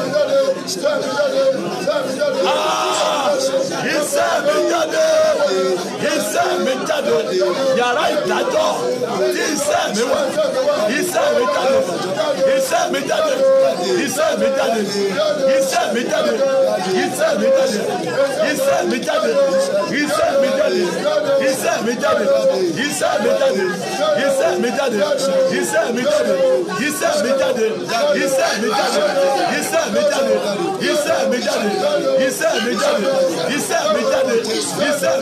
S2: Iṣẹ́ mi jáde, iṣẹ́ mi
S1: jáde, iṣẹ́ mi jáde. Il s'est jáde yàrá ìdájọ́ Il He said, Il said, Il said il He said il il He said il il He said il il He said il Il il He said il il He said il il il said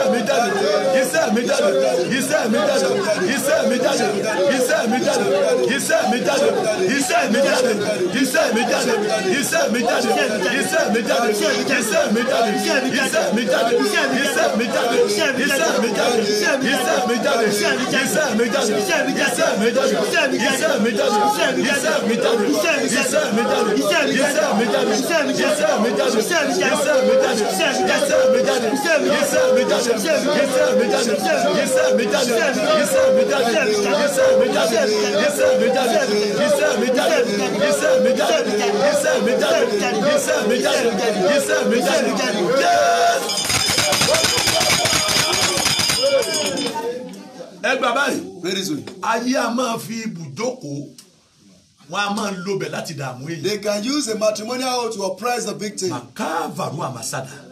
S1: müdahale, İsa müdahale, il il il il il ẹ gbà báyìí ayé a máa fi ibùdókòó wọn a máa lo bẹ̀ láti dààmú èyí. they can use a matrimonial hall to oppress the victim. màkà varu àmàsádà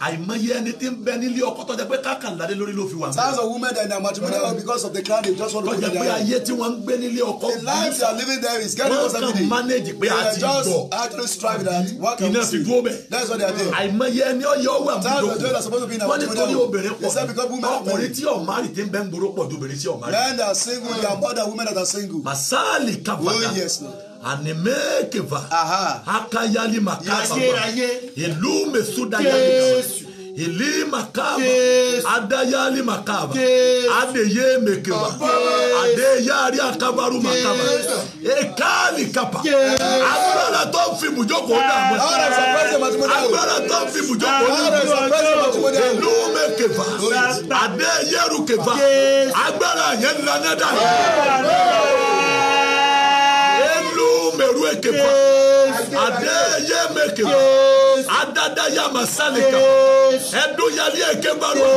S1: àìmọye ẹni tí ń bẹ nílé ọkọ tó jẹ́ pé kákànlá dé lórí ló fi wà. thousands of women and their matrimonial wife because of the crowd they just want to be their life. tó jẹ́ pé ayé tí wọ́n ń gbé nílé ọkọ. the life they are living there is getting worse every day. wọ́n kàn manage pé a ti bọ̀. they just actually strive that one can see. iná fi dúró bẹ̀. that's what they are doing. àìmọye ẹni ọyọ wà mú dòkú. wọ́n ní torí are pọ̀ ọkùnrin tí ọ̀márì ti ń bẹ́ ń gbòòrò pọ̀ ju obìnrin tí ọ̀márì. men are single there are more than women that are single. masali kabata. oh yes animekeva akayali makaba ilume sudayali ili makaba adayali makaba adeye mekeva, adeyari akabaru makaba ekali kapa agbára tó ń fi bùjókò dààmú ah. agbára tó ń fi bùjókò dààmú ìlú mekeva adeyeru keva agbára yẹn lana dààmú. Ah meru ekepa ade ye mekepa adada ya masalika ẹdun yali ekepa lọ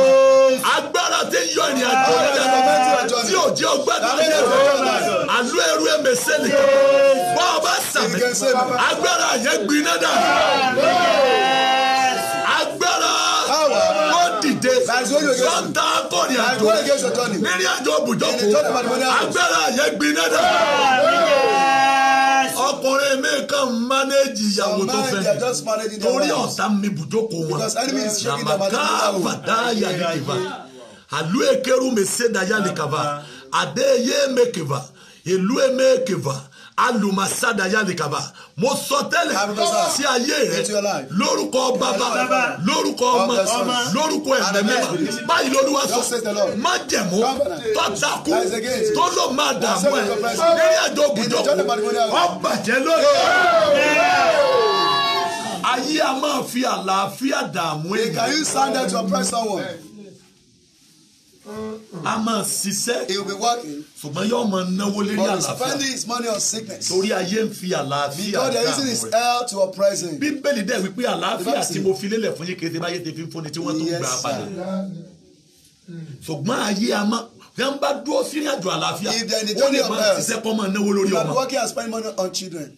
S1: agbára ti yọ ìrìn àjò yẹn tí o jẹ ọgbẹdun yẹn alu eru emeselika bọ ọba sàmì agbára yẹn gbiná dà agbára ó dìde sọ́ńtà akọ̀rìn àjò nírí àjò òbújọ́ kù agbára yẹn gbiná dà. ìyàwó tó fẹ́ torí ọ̀tá mi bùjókò wọn làmàkà bàtà yàrá ìbá àlú èkéru mi ṣe dayà lè kàbà àdéyé mẹ́kẹ̀bà ìlú ẹ̀mẹ́kẹ̀bà alumasada yalikaba mo sọ tẹ́lẹ̀ sí ayé rẹ lórúkọ bàbá lórúkọ ọmọ lórúkọ ẹ̀mẹ́ mẹ́fà báyìí lolúwa sọ má jẹ̀mú tọ́takú tó ló máa dààmú ẹ̀ lórí àjọ ògùdókù ọ̀bàjẹ́ lórí ayé a máa fi àlàáfíà dààmú ẹ̀. Can you sound that to oppress someone? a máa ṣiṣẹ́. he will be working. ṣùgbọ́n yóò máa náwó lérí àlàáfíà. but he is spending his money on sickness. torí ayé ń fi àlàáfíà dáa rẹ. because they are using his health to oppress him. bíbélì dẹ̀ wípé àlàáfíà tí mo fi lélẹ̀ fún yín kété báyé ti fi ń fúnni tí wọ́n tó gbà padà. ṣùgbọ́n ayé a máa bí wọ́n bá dúró sí ìrìnàjò àlàáfíà ó lè máa ṣiṣẹ́ kọ́ máa náwó lórí ọmọ. he will be working and spending money on children.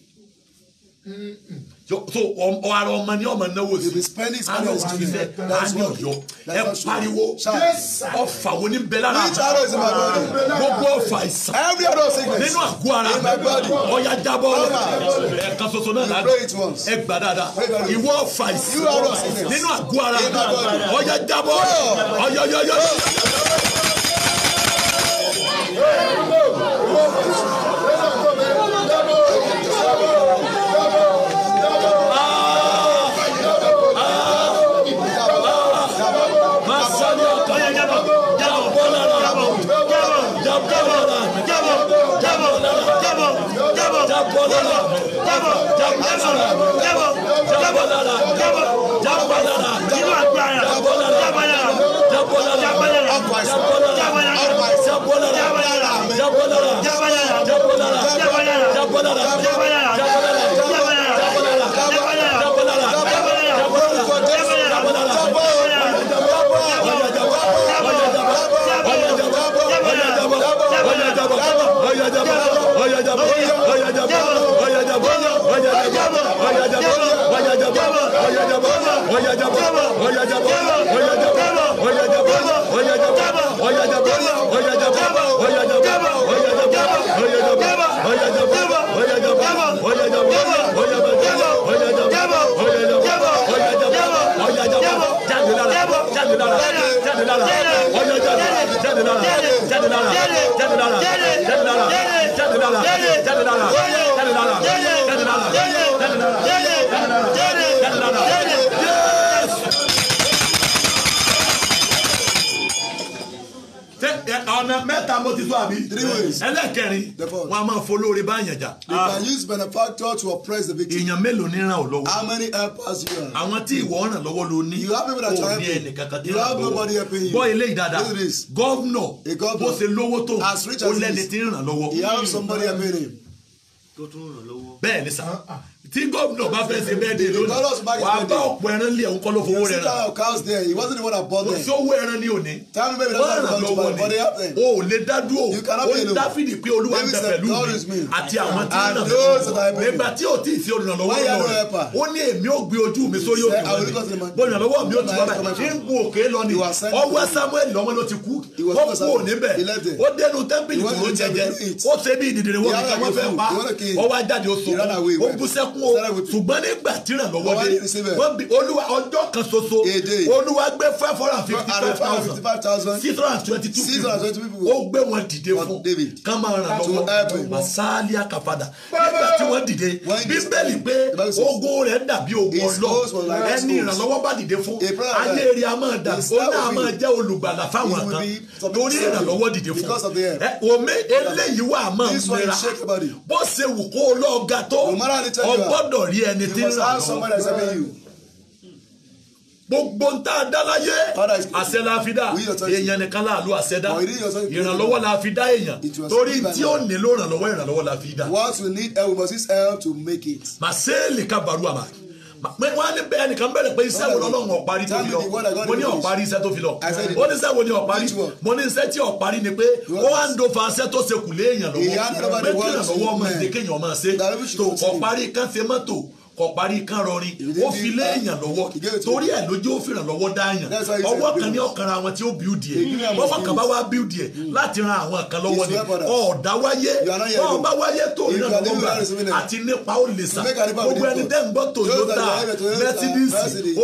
S1: Mm -mm so our money, money, money, we spend That's ọ̀rọ̀ ọmọ ni ọmọ náwó sí àná òjì fẹ́ àní ọ̀yọ́ ẹ pariwo ọ̀fà wo ni bẹ́ẹ̀ lára gbogbo ọ̀fà ìsàn nínú àgọ́ ara ọ̀yà jábọ́ ẹ̀ka soso náà lára ẹ gbà dáadáa ìwọ ọ̀fà ìsàn nínú àgọ́ ara ọ̀yà jábọ́ ọ̀yọ̀yọ̀yọ̀.
S2: jabalala jabalala jabalala jabalala nínú agbára jabalala jabalala jabalala jabalala
S1: jabalala jabalala jabalala jabalala jabalala. mo ti sọ àbí. three ways. Eh, ẹlẹ́kẹrin wọn a máa folóore bá àyànjá. they can ah. use benefactor to oppress the victim. èèyàn mélòó ní ràn ọ́ lọ́wọ́. how many helpers you have. àwọn tí ìwọ ràn lọ́wọ́ ló ní. you have people that are helping you. you have nobody helping you. bọ́ ilé ìdada gọ́vnọ̀ bó ṣe lówó tó ó lẹ́ni tí ń ràn lọ́wọ́. he has somebody hmm. helping him.
S3: tó tún ràn lọ́wọ́.
S1: bẹ́ẹ̀ ni sá tí gómìnà bá fẹ́ ṣe bẹ́ẹ̀ de lónìí wà bá ọ̀pọ̀ ẹran lé ẹ̀hún kọ́ ló fowó rẹ̀ rà kò sí owó ẹran ní òní wọ́n ràn lọ́wọ́ ni o ò lè dá dúró o dáfídì pé olúwa ń bẹ pẹ̀lú mi àti àwọn tí ń nà lọ́wọ́ nígbà tí o ti fi olùrànlọ́wọ́ rẹ̀ o ní èmi ò gbé ojú mi sórí òkè wọn ni olùrànlọ́wọ́ mi ò ti wá báyìí ń gun òkè lọ ni ọwọ́ samuel lọ́mọ ló ti kú ó kú o ṣùgbọ́n nígbà tí ràn lọ́wọ́ dé olúwa ọjọ́ kan ṣoṣo olúwa gbé five hundred and fifty five thousand six hundred and twenty two people ó gbé wọn dìde fún ká máa ràn lọ́wọ́ masali akafada nígbà tí wọ́n dìde bíbélì pé ogun rẹ̀ dàbí ogun ọlọ́ ẹni ìrànlọ́wọ́ bá dìde fún ayé rí a máa dà ó náà máa jẹ́ olùgbàlà fáwọn kan torí ìrànlọ́wọ́ dìde fún omi eléyìí wà máa ń mẹ́ra bó ṣe wù kó lọ́ọ́ ga tó ọgbà gbọ́dọ̀ rí ẹni tí ń ràn lọ́wọ́ gbogbo ń tá a dá láyé àṣẹ la fi dá èèyàn nìkan láàlú àṣẹ dá ìrànlọ́wọ́ la fi dá èèyàn torí tí ó nílò ìrànlọ́wọ́ ìrànlọ́wọ́ la fi dá. what we need help we must use help to make it. màá ṣe é lè ká baru àmà wọ́n á ní bẹ́ẹ̀ nìkan bẹ̀rẹ̀ pé iṣẹ́ wo lọ́lọ́run ọ̀parí tó fi lọ mo ní ọ̀parí iṣẹ́ tó fi lọ ó ní iṣẹ́ wo ni ọ̀parí mo ní iṣẹ́ tí ọ̀parí ni pé ó wá ń do fa iṣẹ́ tó ṣe kù léèyàn lọ́wọ́ pé kí ìrànlọ́wọ́ ọmọ ìdíkéyàn ọmọ ṣe tó ọ̀parí kan ṣe mọ́tò kò parí kán rọrin ó fi lé èèyàn lọ́wọ́ torí ẹ̀ lójú ó fìràn lọ́wọ́ dáàyàn ọwọ́ kan ní ọ̀kan ra àwọn tí ó bíúdì ẹ̀ ọwọ́ kan bá wá bíúdì ẹ̀ mm. láti ran àwọn kan lọ́wọ́ ni ọ̀ọ́dá wáyé ọba wáyé tó ìrànlọ́wọ́ àti nípa ó lè sà gbogbo ẹni tẹ́ ń gbọ́ Toyota Mercedes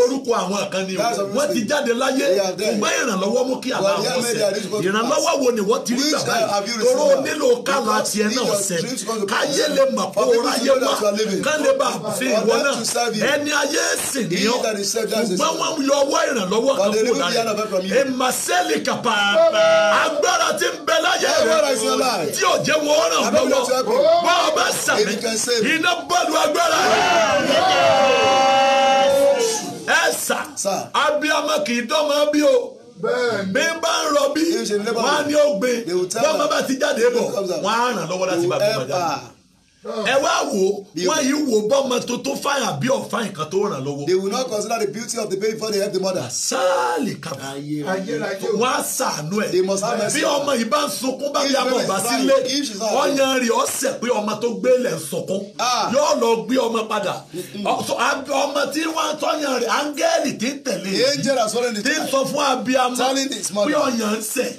S1: orúkọ àwọn kan ni wọ́n ti jáde láyé ṣùgbọ́n ìrànlọ́wọ́ mú kí àlá wọn ṣẹ ìrànlọ́wọ́ wo ni wọ́n ti rí bàbá yìí toró nílò kálá tiẹ̀ náà ṣẹ káyé lè mọ̀ ìwọ náà ẹni ayé sì ni ọ ṣùgbọ́n wọn yọ ọwọ́ ìrànlọ́wọ́ kan kó lára ìmàsẹ́lì kàpà agbára ti ń bẹ láyé rẹ tí ò jẹ́ wọ́n ràn lọ́wọ́ bá a bá sàmì iná bọ́ọ̀lù agbára ẹ sà abiyamọ kì í dọ́mọ bí o bí n bá ń rọ bí wọn á ní ògbé bọ́ọ̀mọ bá ti jáde bọ̀ wọn á ràn lọ́wọ́ láti bá bí wọn jáde ẹ wá wò wọn yìí wò bọ́mọ tó tó bí ọ̀fà nǹkan tó ràn lọ́wọ́. they will not consider the beauty of the baby before they help the mother. sáàlì kàbà wọn á sàánú ẹ bí ọmọ yìí bá ń sunkún bá bí abọ̀ bá sílé ọyàn rẹ̀ ọ̀sẹ̀ pé ọmọ tó gbélé ń sunkún ah. yóò lọ gbé ọmọ padà ọmọ tí wọ́n tọ́yàn rẹ̀ áńgẹ́lì tí ń tẹ̀lé tí ń sọ fún abiyamọ pé ọyàn ń sẹ̀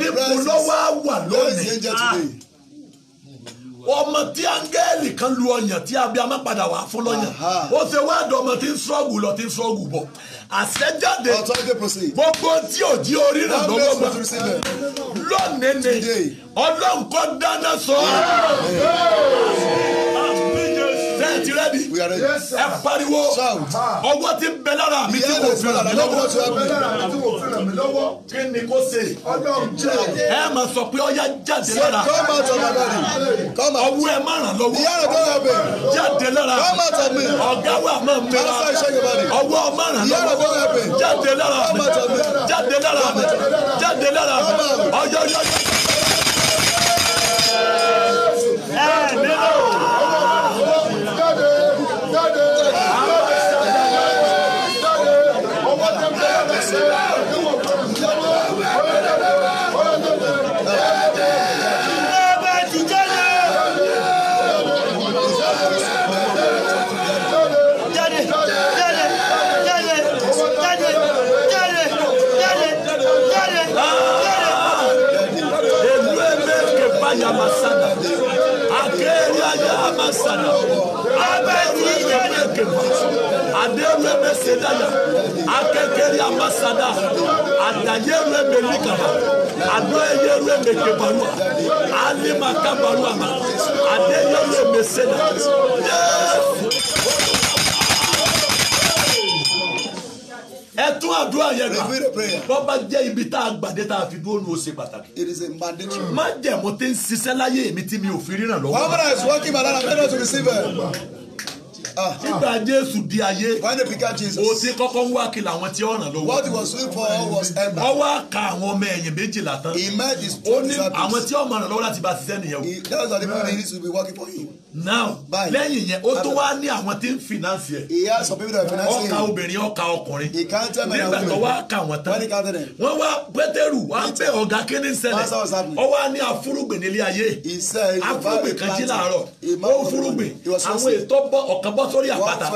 S1: nípò lọ́wọ́ wà lónìí ọmọ tí áńgẹ́lì kan lu ọyàn tí abiyamọ padà wà fún lọ́yàn ó ṣe wá dọ̀ ọmọ tí ń sọ́ọ̀gù lọ tí ń sọ́ọ̀gù bọ̀ àṣẹjáde gbogbo tí ò jí orí rẹ̀ lọ́wọ́ gbà lónìí ni ọlọ́nkọ́ dáná sọ ọ́ bẹ́ẹ̀ ti rẹ́dì ẹ pariwo ọwọ́ ti bẹ lára mi tí kò fẹ́ràn mi lọ́wọ́ kí ni kò ṣe ẹ máa sọ pé ọya jáde lára ọwọ́ ẹ máa ràn lọ́wọ́ jáde lára ọ̀gá wa máa mẹ́ra ọwọ́ máa ràn lọ́wọ́ jáde lára jáde lára jáde lára
S2: ọyọ yọ yọ. ẹ nílò.
S1: ya masana. Akeria ya masana. Abeti ya nekeba. Adewe meseda ya. Akekeria masada. Adayewe melikaba. Adoyewe mekebarua. Alima kabarua. Adeyewe meseda. Yes.
S3: ẹ tún àdúrà yẹn gbà
S1: bọ́ba jẹ́ ibi tá a gbàdé tá a fi dúró nu ó ṣe pàtàkì. it is a mandatory. má jẹ̀mọ́ tí ń ṣiṣẹ́ láyé mi tí mi ò fi ríran lọ́wọ́. wàhálà is working by that and I don't know to receive it. Ah, nígbà ah. jésù di ayé o ti kọ́kọ́ wá kí làwọn tí ọ̀ràn ló ọwọ́ àka àwọn ọmọ ẹ̀yìn méjìlá tán ó ní àwọn tí ọmọ ràn lọ́wọ́ láti bá ṣiṣẹ́ nìyẹn o now lẹ́yìn yẹn ó tó wá ní àwọn tí ń finance yẹ ọkà obìnrin ọkà ọkùnrin nígbà tó wá kà wọ́n tán wọ́n wá pétérù wá pé ọ̀gá kíní ṣẹlẹ̀ ọ wá ní afúrúgbìn nílé ayé afúrúgbìn kan jí làárọ̀ ó fúrúgbìn àwọn ètò ọ̀kan bọ́ bọ́ sórí àpáta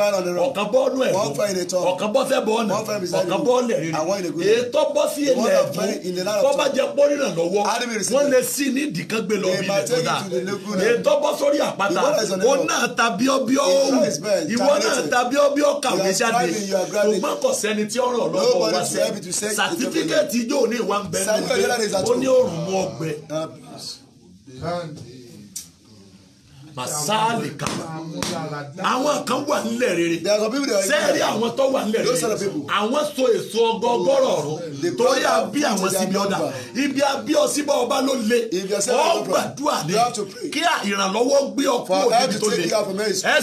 S1: ọ̀kan bọ́ nú ẹ̀ ọ̀kan bọ́ sẹ́bọ̀ ọ̀nà ọ̀kan bọ́ lẹ̀ rírì ètò bọ́ sí ilẹ̀ ẹ̀kọ́ bọ́bá jẹ pọ́nrí náà lọ́wọ́ wọ́n lè sí ní ìdìkan gbé lọ bí ilẹ̀ tó dà ètò bọ́ sórí àpáta ó náà ta bíọ́bíọ́ òwú ìwọ náà ta bíọ́bíọ́ kàwé jáde ṣùgbọ́n kò sẹ́ni tí ó ràn lọ́wọ́ wá sí sàtífíkẹ́ẹ̀tì ijó ní ìwà ń bẹ́ẹ̀ ní òrùn mú ọgbẹ́ masaali kama àwọn kan wà nílẹ̀ rere sẹ́ẹ̀rí àwọn tó wà nílẹ̀ rere àwọn so èso ọgọgọrọ ọ̀run torí a bí àwọn síbi ọ̀dà ibi a ọ síbọ̀ ọba ló le ọ ni kí ìrànlọ́wọ́ gbé ọkọ òdìbí tó le ẹ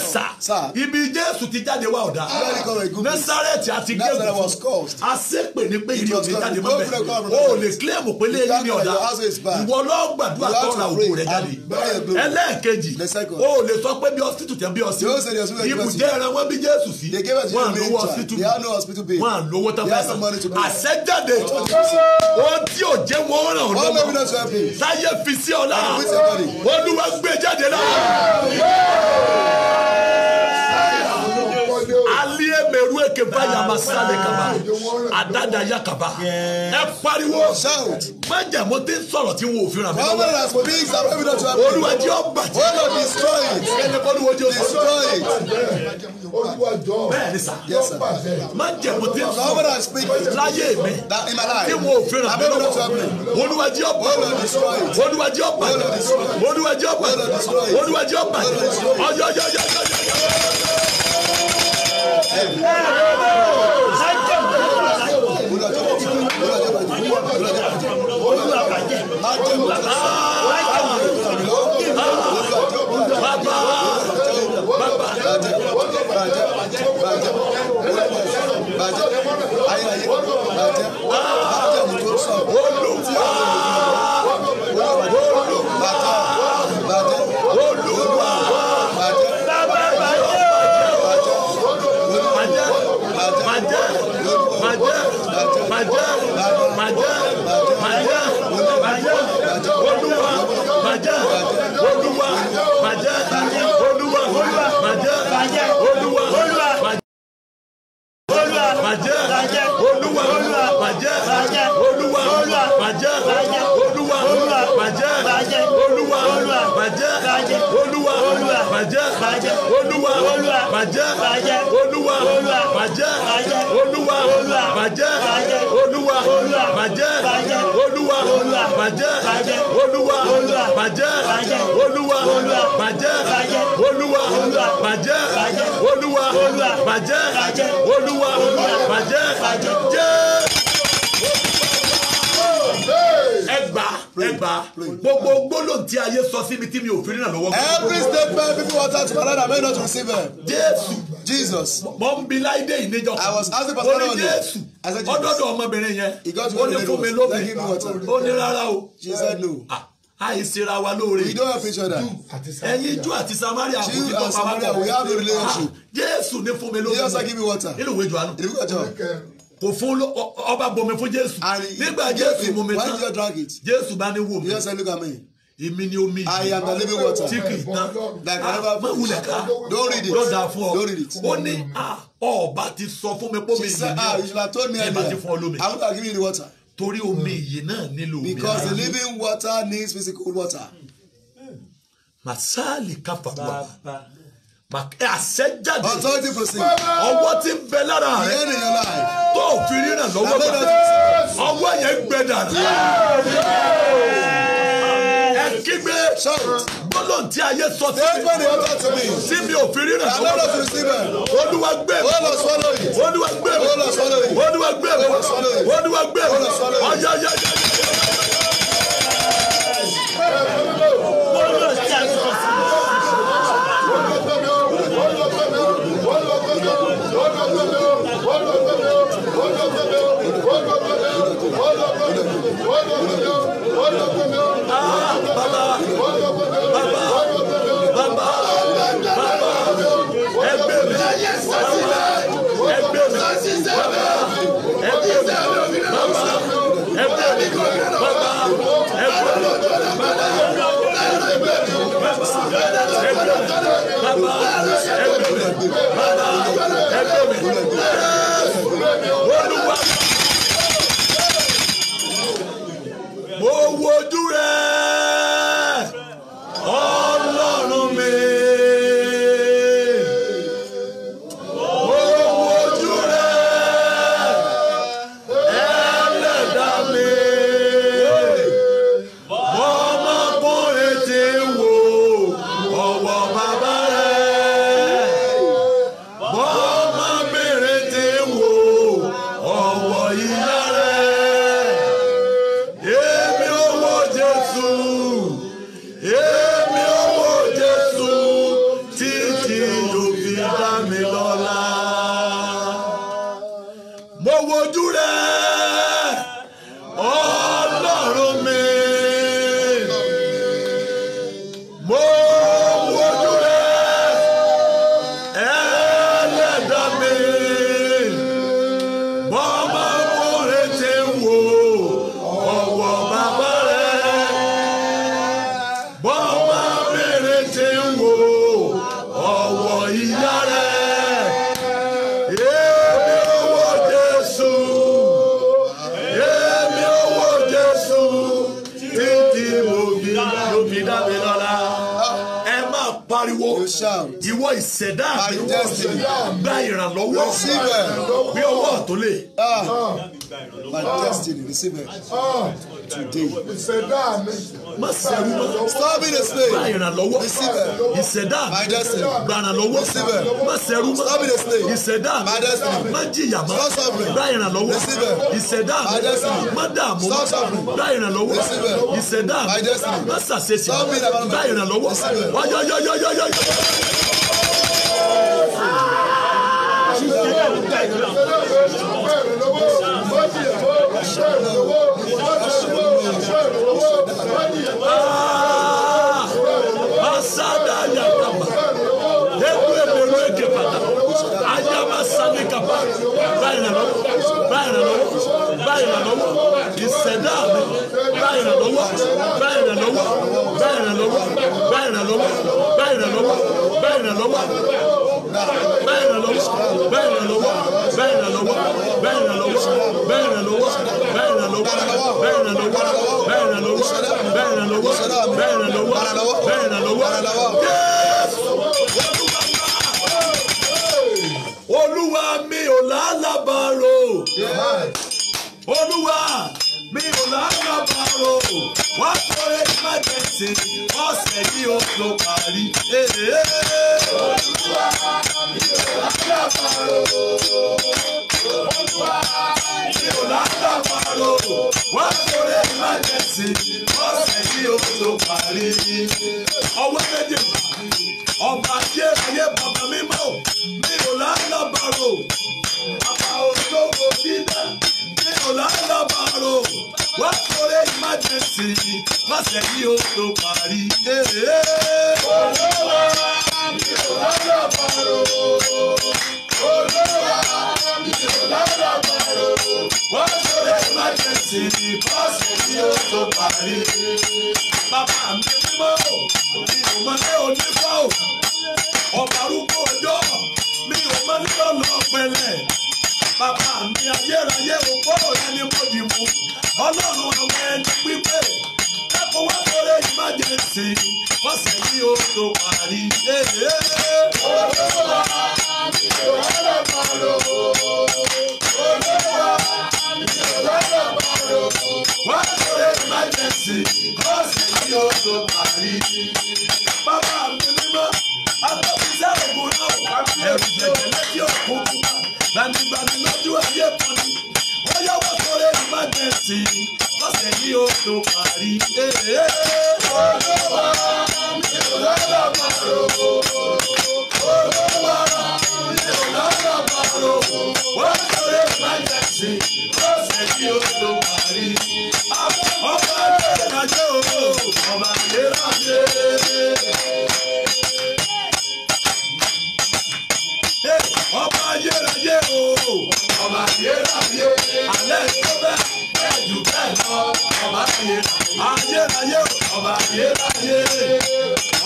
S1: sà ibi Jésù ti jáde wá ọ̀dà ah, Násárẹ́tì àti gẹ́gùn a sépè ní pé ìrìn òdìbí jáde mọ́ bẹ́ẹ̀ o lè kílẹ̀mù pé lé ní ọ̀dà ìwọ lọ́ọ́ tọ́ra second. o lè sọ pé bí hospital tẹ bí ọsìn. yóò ṣe ní hospital bí ọsìn. ibùdó ẹran wọn bí jésù sí. they gave us one low hospital they had no hospital bill. wọn lówó tán fẹsẹ̀. àṣẹjáde oh, ohun tí ò jẹ́ wọn ràn ọ́ lọ́wọ́. sáyé fi sí ọ lára olúwa gbé jáde lára meru ekeva yamasa de kaba adada ya kaba ẹ pariwo májàmú tí ń sọ̀rọ̀ tí wò fúnra mi lọ́wọ́ olúwa ọgbà tí ẹni kọ́ ni wo jẹ́ oṣù bẹ́ẹ̀ ni sà májàmú tí ń sọ̀rọ̀ láyé mi tí wò fúnra mi lọ́wọ́ olúwa jẹ́ ọgbà olúwa jẹ́ ọgbà olúwa jẹ́ ọgbà olúwa jẹ́ ọgbà ọjọ́ ọjọ́ ọjọ́ ọjọ́ ọjọ́ bàjẹ́ síbẹ̀. Jésù. Jesus. Mo ń bi láìdé ìníjọ kan. I was asking pastor Olu. Lọ́lẹ̀. Ó ní Jésù. Ọdọ́dọ̀ ọmọbìnrin yẹn. Ó ní fún mi lómi. Ó ní rárá o. She said no. Ah àìsera wa lóore. we don't help each other. ẹ̀yin Júù àti Samaria kò ní Samaria, pàápàá pọ̀. we have a relationship. Jésù ní fún mi lómi. Jesus give me water. nínú ìwé Jòhánù. ìlú kọjọ. kò fún ọba bomi fún Jésù. nígbà Jésù mú mi tán Jésù bá ní wò mí. Jesus look at me èmi ni omi yìí. I am the living water. tí like I never. Ah, má wulẹ̀ ká. don't read it. yóò dà fún ọ. don't read it. ó ní ah, ọba ti sọ fún mi pé omi yìí ni ah, told me earlier. ẹ bá ti fún ọ lómi. I want to give you the water. torí omi yìí náà nílò omi. because the living water needs physical water. màsáàlì káfàkùwà àṣẹjáde ọwọ́ tí ń bẹ lára rẹ tó fi ríran lọ́wọ́ gbà ọwọ́ yẹn gbẹ dànù ń kígbe gbólóhùn tí ayé sọ sí mi sí mi ò fi rírẹ̀ olúwa gbé mi olúwa gbé mi olúwa gbé mi olúwa gbé mi ayayaya. Oh, ẹgbẹ́
S2: mi olúwa mo wojú rẹ̀.
S1: lọ́wọ́ ìṣẹ̀dá gbàrà lọ́wọ́ má sẹ́rú mọ́ ìṣẹ̀dá má jìyà mọ́ gba ìrànlọ́wọ́ ìṣẹ̀dá má dààmú mọ́ gba ìrànlọ́wọ́ ìṣẹ̀dá má sàṣeṣe gba ìrànlọ́wọ́ wáyọ̀yọ̀yọ̀yọ̀. bá ìrànlọ́wọ́ bá ìrànlọ́wọ́ bá ìrànlọ́wọ́ bá ìrànlọ́wọ́ bá ìrànlọ́wọ́ bá ìrànlọ́wọ́ bá ìrànlọ́wọ́ bá ìrànlọ́wọ́ bá ìrànlọ́wọ́ bá ìrànlọ́wọ́ bá ìrànlọ́wọ́ bá ìrànlọ́wọ́ bá ìrànlọ́wọ́ bá ìrànlọ́wọ́ bá ìrànlọ́wọ́ bá ìrànlọ́wọ́. rẹ̀ ní oṣù parí. ọwọ́ ẹ̀jẹ̀ ọba tí ẹ̀yẹ bàbá mímọ́ mi ò lálàbàrò bàbá olówó dídá mi ò lálàbàrò wá sórí emergency má ṣe ní oṣù parí. olówó mi ò lálàbàrò olówó mi ò lálàbàrò kábíyèsí ni bọ́ọ̀sì tí ó tó parí. bàbá mi mímọ́ mi ò mọ ní onífọ́ ọ̀bà arúgbó ọjọ́ mi ò mọ ní ọ̀nà ọ̀pẹlẹ̀ bàbá mi ayérayé òpó ẹni mo dì mú ọlọ́run àwọn ẹni pípé ẹ̀kọ́ wá lórí emergency bọ́ọ̀sì tí ó tó parí.
S2: ó tó wá ní ìwádìí. sí bọ́ọ̀sì tí ó tó parí. bàbá mi ní mọ́ àtàkùnṣe ògùn náà wà ẹrù jẹjẹ lẹ́tí òkun kúta gbanigbani lójú ayé kan ní. wọ́n yọwọ́ sọ̀rọ̀ emergency bọ́ọ̀sì tí ó tó parí. olówó mi ò lọ́dọ̀ máa rògbò olówó mi ò lọ́dọ̀ máa rògbò wọ́n sọ̀rọ̀ emergency bọ́ọ̀sì tí ó tó parí ọba ayérayé.
S1: ọba ayérayé o ọba ayérayé alẹ́ tó bẹ́ẹ̀ bẹ́ẹ̀ jù bẹ́ẹ̀ lọ ọba ayérayé ayérayé o ọba ayérayé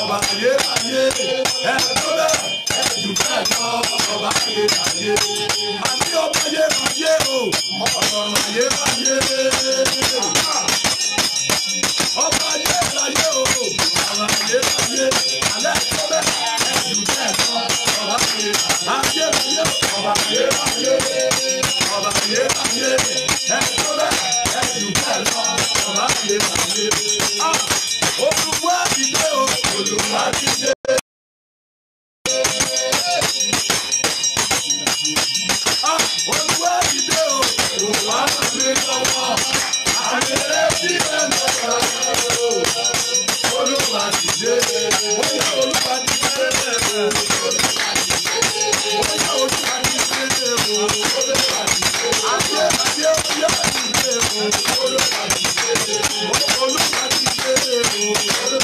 S1: ọba ayérayé ẹ̀ tó bẹ́ẹ̀ bẹ́ẹ̀ jù bẹ́ẹ̀ lọ ọba ayérayé àti ọba ayérayé o ọ̀rọ̀ ayérayé.
S2: Olúwa ti dé. Olúwa ti dé o, Olúwa máa gbé lọ́wọ́, àgbẹ̀rẹ̀ sí ẹ̀mí ọ̀rọ̀ Olúwa ti dé. Bóyá Olúwa ti dé o, bóyá Olúwa ti dé o, Olúwa ti dé o, àti ẹ̀ka tí ó yọ ti dé o, Olúwa ti dé o, Olúwa ti dé o.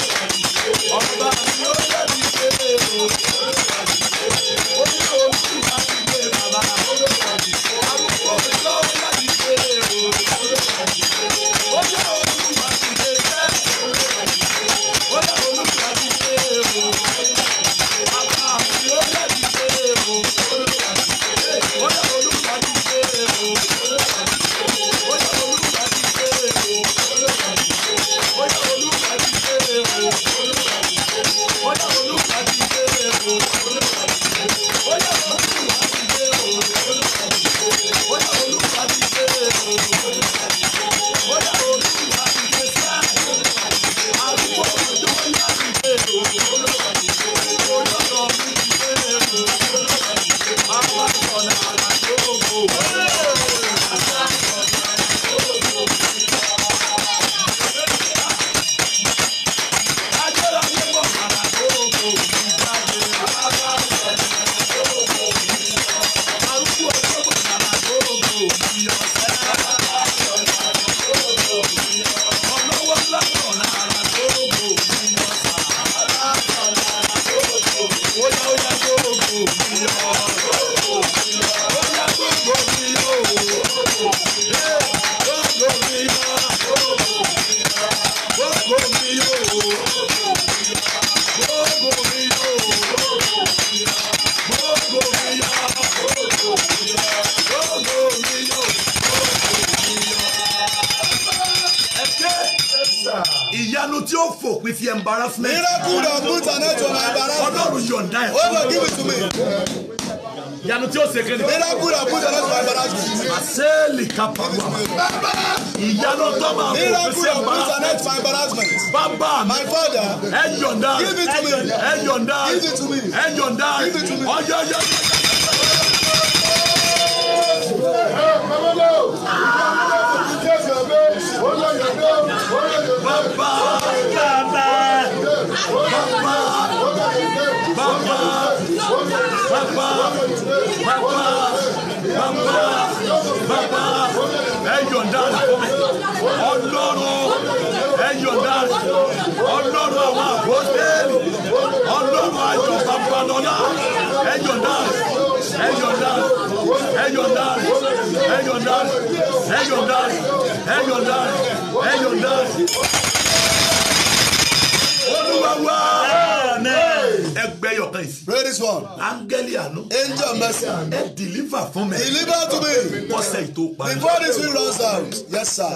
S1: tó parí. before this week runs out yes sir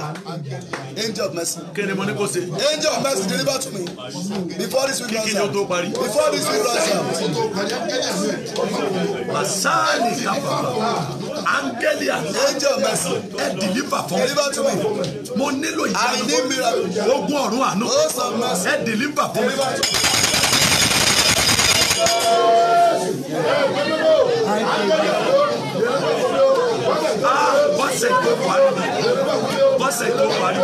S1: angel of mercy. kí ni mo ní angel of mercy deliver to me before this week runs out. kí ni o tó parí. before this week runs out. masani kapapa angeli àná. angel of mercy. ẹ deliver for me. deliver to me. mo nílò ìyanu. i need miracle. ogun ọ̀run àánú. oh some mercy. ẹ deliver for me.
S2: Thank you. parí bọ́sẹ̀ tó parí.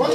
S2: What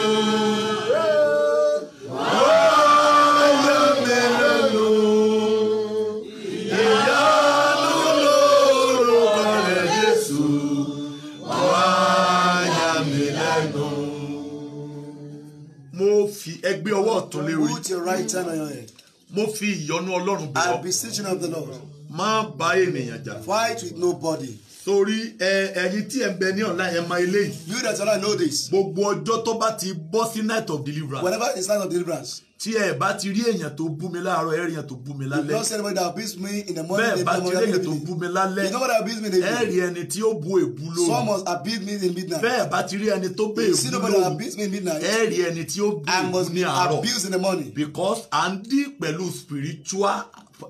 S1: tó lé orí. put your right hand on your head. mo fi ìyọ́nú ọlọ́run bọ̀. of the Lord. má bá ènìyàn jà. fight with nobody torí ẹ ẹ̀yin tí ẹ ń bẹ ní ọ̀la ẹ mọ eléyìí. you that know this. gbogbo ọjọ́ tó bá ti bọ́ sí night of deliverance. whenever it's night of deliverance tí ẹ bá ti rí èèyàn tó bú mi láàárọ̀ ẹ rí èèyàn tó bú mi lálẹ́. you don't say that abuse me in the morning. bá ti rí èèyàn tó bú mi lálẹ́. you know what abuse me dey do. ẹ rí ẹni tí ó bu èbú lóru. some me in midnight. bẹ́ẹ̀ bá ti rí ẹni tó bẹ èbú lóru. you see nobody that me in midnight. ẹ rí ẹni tí ó bu èbú ní àárọ̀. the morning. because à ń dí pẹ̀lú spiritual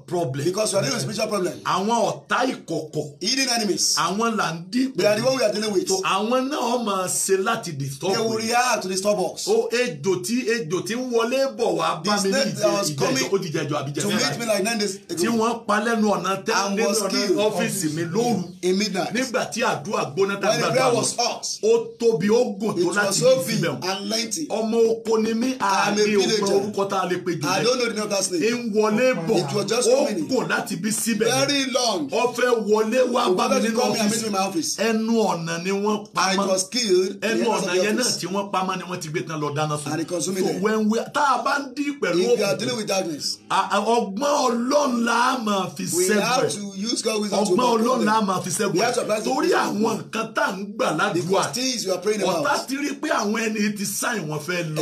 S1: problem. because we are dealing with spiritual problem. àwọn ọ̀tá ìkọ̀kọ̀. hidden enemies. àwọn là ń they are the one we are dealing with. so àwọn náà máa ṣe láti disturb. they will react to the disturb us. o ejò tí ejò tí ń wọlé bọ̀ wá bá mi ní ìjẹ ìjẹjọ ó jíjẹ ìjọ àbíjẹ mẹ́ta. to meet me like nine days ago. tí wọ́n pa lẹ́nu ọ̀nà tẹ́lẹ̀ lẹ́nu ọ̀nà ọ́fíìsì mi lóru. in midnight. nígbà tí àdúrà gbóná tá a gbàgbà lọ. when the prayer was hot. ó tóbi ó gùn tó láti fi sílẹ̀ o. and lengthy. ọmọ oko ni mí àlè òpin orúkọ tá a lè pe jù lẹ. I don't know the name of that snake. ń wọlé bọ̀. it was just ó gùn láti bí síbẹ̀ ó fẹ́ wọlé wá bá mi nínú ọ́fíìsì ẹnu ọ̀nà ni wọ́n pamọ́ ẹnu ọ̀nà yẹn náà tí wọ́n pamọ́ ni wọ́n ti gbé tán lọ dáná sun so wẹ́nwẹ́ tá a bá ń dí pẹ̀lú òkú ọgbọ́n ọlọ́run la máa fi sẹ́gun ọgbọ́n ọlọ́run la máa fi sẹ́gun torí àwọn nǹkan tá à ń gbà ládùúgbà ọ̀tá ti rí pé àwọn ẹni ti sáyìn wọn fẹ́ lọ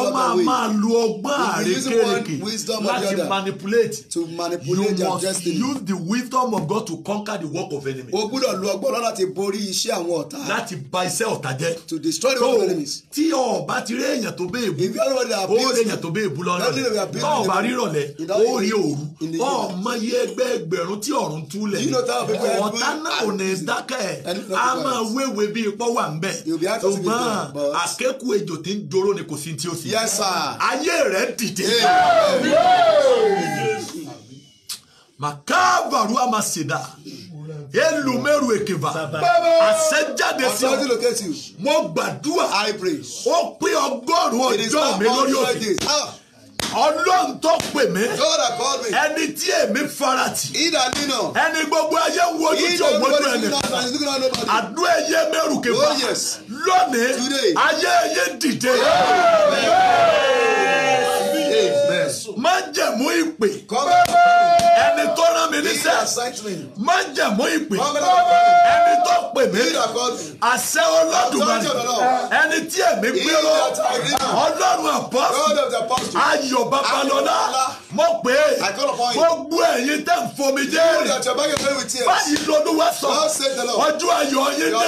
S1: ọmọ a máa ọgbọ́n àrékèrèké láti manipulate. to manipulate their destiny. you must use the wisdom of God to conquer the work of enemy. o gbúdọ̀ lo ọgbọ́n lọ́la ti borí iṣẹ́ àwọn ọ̀tá. láti ba iṣẹ́ ọ̀tá jẹ́. to destroy the work of enemies. tí ọba ti rí èèyàn tó bẹ́ẹ̀ bu. if you are one that abuse. o rí èèyàn tó bẹ́ẹ̀ bu lọ́rọ̀ rẹ̀. tọ́ ọba rírọ̀lẹ́ o rí òru. ọmọ iye ẹgbẹ́ ẹgbẹ̀rún tí ọ̀run túlẹ̀. ọ̀tá náà ò ní dákẹ́ a máa wéwèé bí ipò wà ń bẹ̀. ṣùgbọ́n makabaru amaseda elumeru ekeva àṣẹjáde sí mo gbàdúrà ó pé ọgọ́rùn-ún ọjọ́ mi lórí òkè ah. ọlọ́run tó pè mí ẹni tí èmi farati ẹni gbogbo ayé wojú tí òun wojú ẹni àdúrà ẹyẹ mẹ́rù kẹfà oh, lónìí ayé ẹyẹ dìde májẹ̀mú ìpè ẹni tó rán mi níṣẹ́ májẹ̀mú ìpè ẹni tó pè mí àṣẹ
S2: Olódùmarè
S1: ẹni tí ẹ̀mí gbéró ọlọ́run àpọ́sù ayọ̀ babalọ́lá mo pè é gbogbo ẹ̀yin tẹ̀ ń fomi dé rè báyìí lọ́dúnwá sọ ọjọ́ ayọ̀ yín dé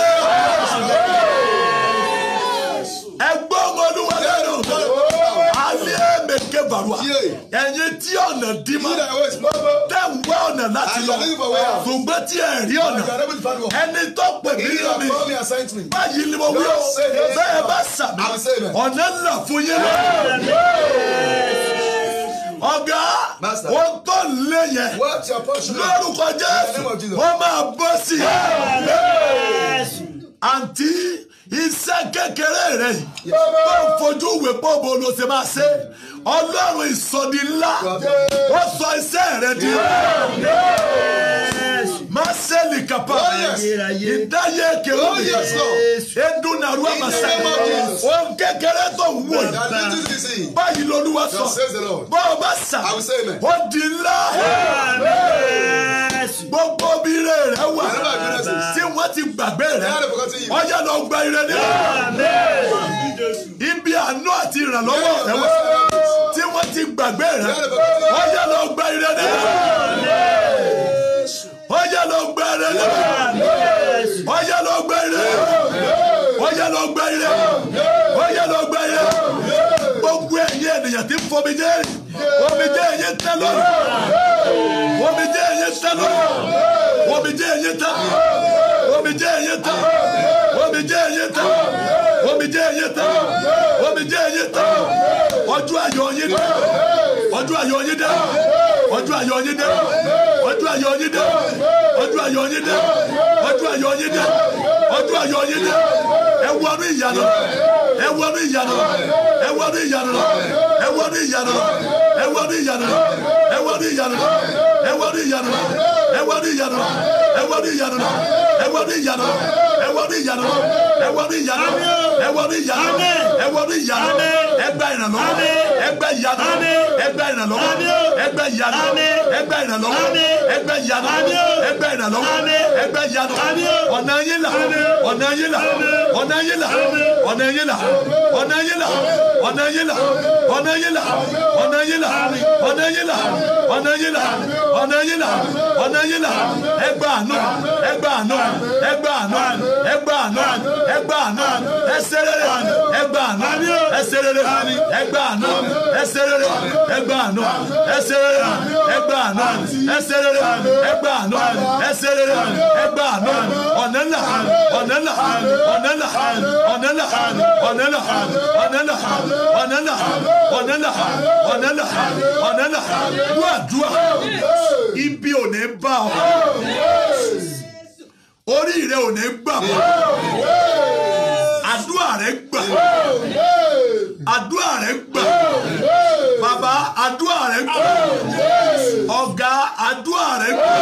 S1: ẹgbọ́n olúwa lẹ́nu ke varua ẹ̀yin tí ọ̀nà dí ma tẹ̀ ń wá ọ̀nà láti lọ ṣùgbọ́n tí ẹ̀ rí ọ̀nà ẹni tó pè mí lómi báyìí ni mo wí o bẹ́ẹ̀ bá sàmì ọ̀nà ńlá fún yín lónìí ọ̀gá o tó lé yẹn lórúkọ jésù wọ́n máa bọ́ sí i àǹtí iṣẹ́ kékeré rẹ̀ yìí tó ń fojú ìwé pọ́ọ̀bù ló ṣe máa ṣe ọlọ́run ìsọdi ńlá ó sọ iṣẹ́ rẹ̀ di máa ṣe lìkàpá oh, ìdáyé kèrèmí edunaru àmàṣà ohun kékeré tó ń wò yìí báyìí lolúwa sọ bọ́ọ̀ bá sà ó di ńlá gbogbo bí ire rẹ wà tí wọ́n ti gbàgbé rẹ ọjà lọ gba ire rere ní ọ̀rọ̀ ibi àánú àti ìrànlọ́wọ́ ẹ̀wọ̀ tí wọ́n ti gbàgbé rẹ̀ ó yá lọ gba ire ní ó yá lọ gba ire ní ó yá lọ gba ire
S3: ó yá lọ gba ire ó yá lọ gba ire
S1: gbogbo ẹ̀yin ènìyàn tí ń fomi jẹ́ omi jẹ́ ẹ̀yin tẹ́ lórí omi jẹ́ ẹ̀yin tẹ́ lórí omi jẹ́ ẹ̀yin tẹ́ omi jẹ́ ẹ̀yin tẹ́ omijé yín tán omijé yín tán ọjọ́ ayọ̀ yín dé ọjọ́ ayọ̀ yín dé
S3: ọjọ́ ayọ̀ yín dé
S1: ọjọ́ ayọ̀ yín dé ọjọ́ ayọ̀ yín dé ọjọ́ ayọ̀ yín dé ọjọ́ ayọ̀ yín dé ẹ wọnú ìyanu ẹ wọnú ìyanu ẹ wọnú ìyanu ẹ wọnú ìyanu ẹ wọnú ìyanu ẹ wọnú ìyanu ẹ wọnú ìyanu ẹ wọnú ìyanu ẹ wọnú ìyanu ẹ wọnú ìyanu ẹ wọnú ìyanu ẹ wọnú ìyanu ẹ wọnú ìyanu ẹ wọnú ìyanu ẹ gba ìrànlọ́wọ́ ẹ gba ìyanu ẹ gba ìrànlọ́wọ́ ẹ gba ìyanu ẹ gba ìrànlọ́wọ́ ẹ gba ìyanu ẹ gba ìrànlọ́wọ́ ẹ gba ìyanu ọ̀nà yín là ọ̀nà yín là ọ̀nà yín yín là ọ̀nà yín là ọ̀nà yín là ọ̀nà yín là ọ̀nà yín là ọ̀nà yín là ọ̀nà yín là ọ̀nà yín là ọ̀nà yín là ọ̀nà yín là ẹgbà àná ẹgbà àná ẹgbà àná ẹgbà àná ẹgbà àná ẹsẹ̀ rere ẹgbà àná ẹsẹ̀ rere ẹgbà àná ẹsẹ̀ rere ẹgbà àná ẹsẹ̀ rere ẹgbà àná ẹsẹ̀ rere ẹgbà àná ẹsẹ̀ rere ẹgbà àná ọ̀nà là ọ̀nà là ọ̀nà là a ọ̀nẹ́là ọ̀nẹ́là ọ̀nẹ́là ọ̀nẹ́là ọ̀nẹ́là ọ̀nẹ́là ọ̀nẹ́là dúàdúà ibi ò ní bá ọ orí rẹ ò ní gbà mọ́ àdúà rẹ gbà àdúà rẹ gbà bàbá àdúà rẹ gbà ọ̀gá àdúà rẹ gbà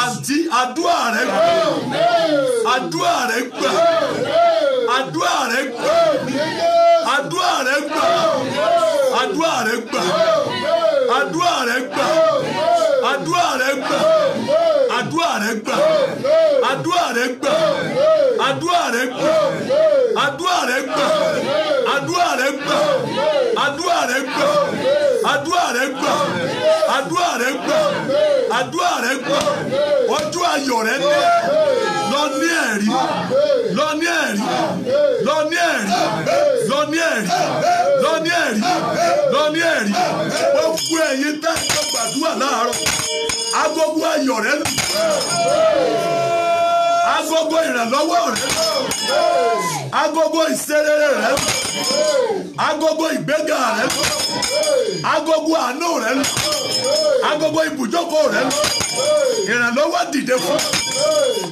S1: àǹtí àdúà rẹ gbà àdúrà rẹ gbà àdúrà rẹ gbà àdúrà rẹ gbà àdúrà rẹ gbà àdúrà rẹ gbà àdúrà rẹ gbà àdúrà rẹ gbà àdúrà rẹ gbà àdúrà rẹ gbà àdúrà rẹ gbà àdúrà rẹ gbà àdúrà rẹ gbà àdúrà rẹ gbà àdúrà rẹ gbà àdúrà rẹ gbà ọjọ́ ayọ̀ rẹ dé ẹ̀rí
S2: lọ ní ẹ̀rí lọ ní ẹ̀rí lọ ní ẹ̀rí lọ ní ẹ̀rí
S1: lọ ní ẹ̀rí wọ́n fún ẹ̀yin tẹ́ ẹ̀ gbàdúrà láàárọ̀ agogo ayọ̀ rẹ̀ lù agogo ìrànlọ́wọ́ rẹ agogo ìṣerere rẹ agogo ìgbéga rẹ agogo àánú rẹ agogo ibùjókòó rẹ ìrànlọ́wọ́ dìde fún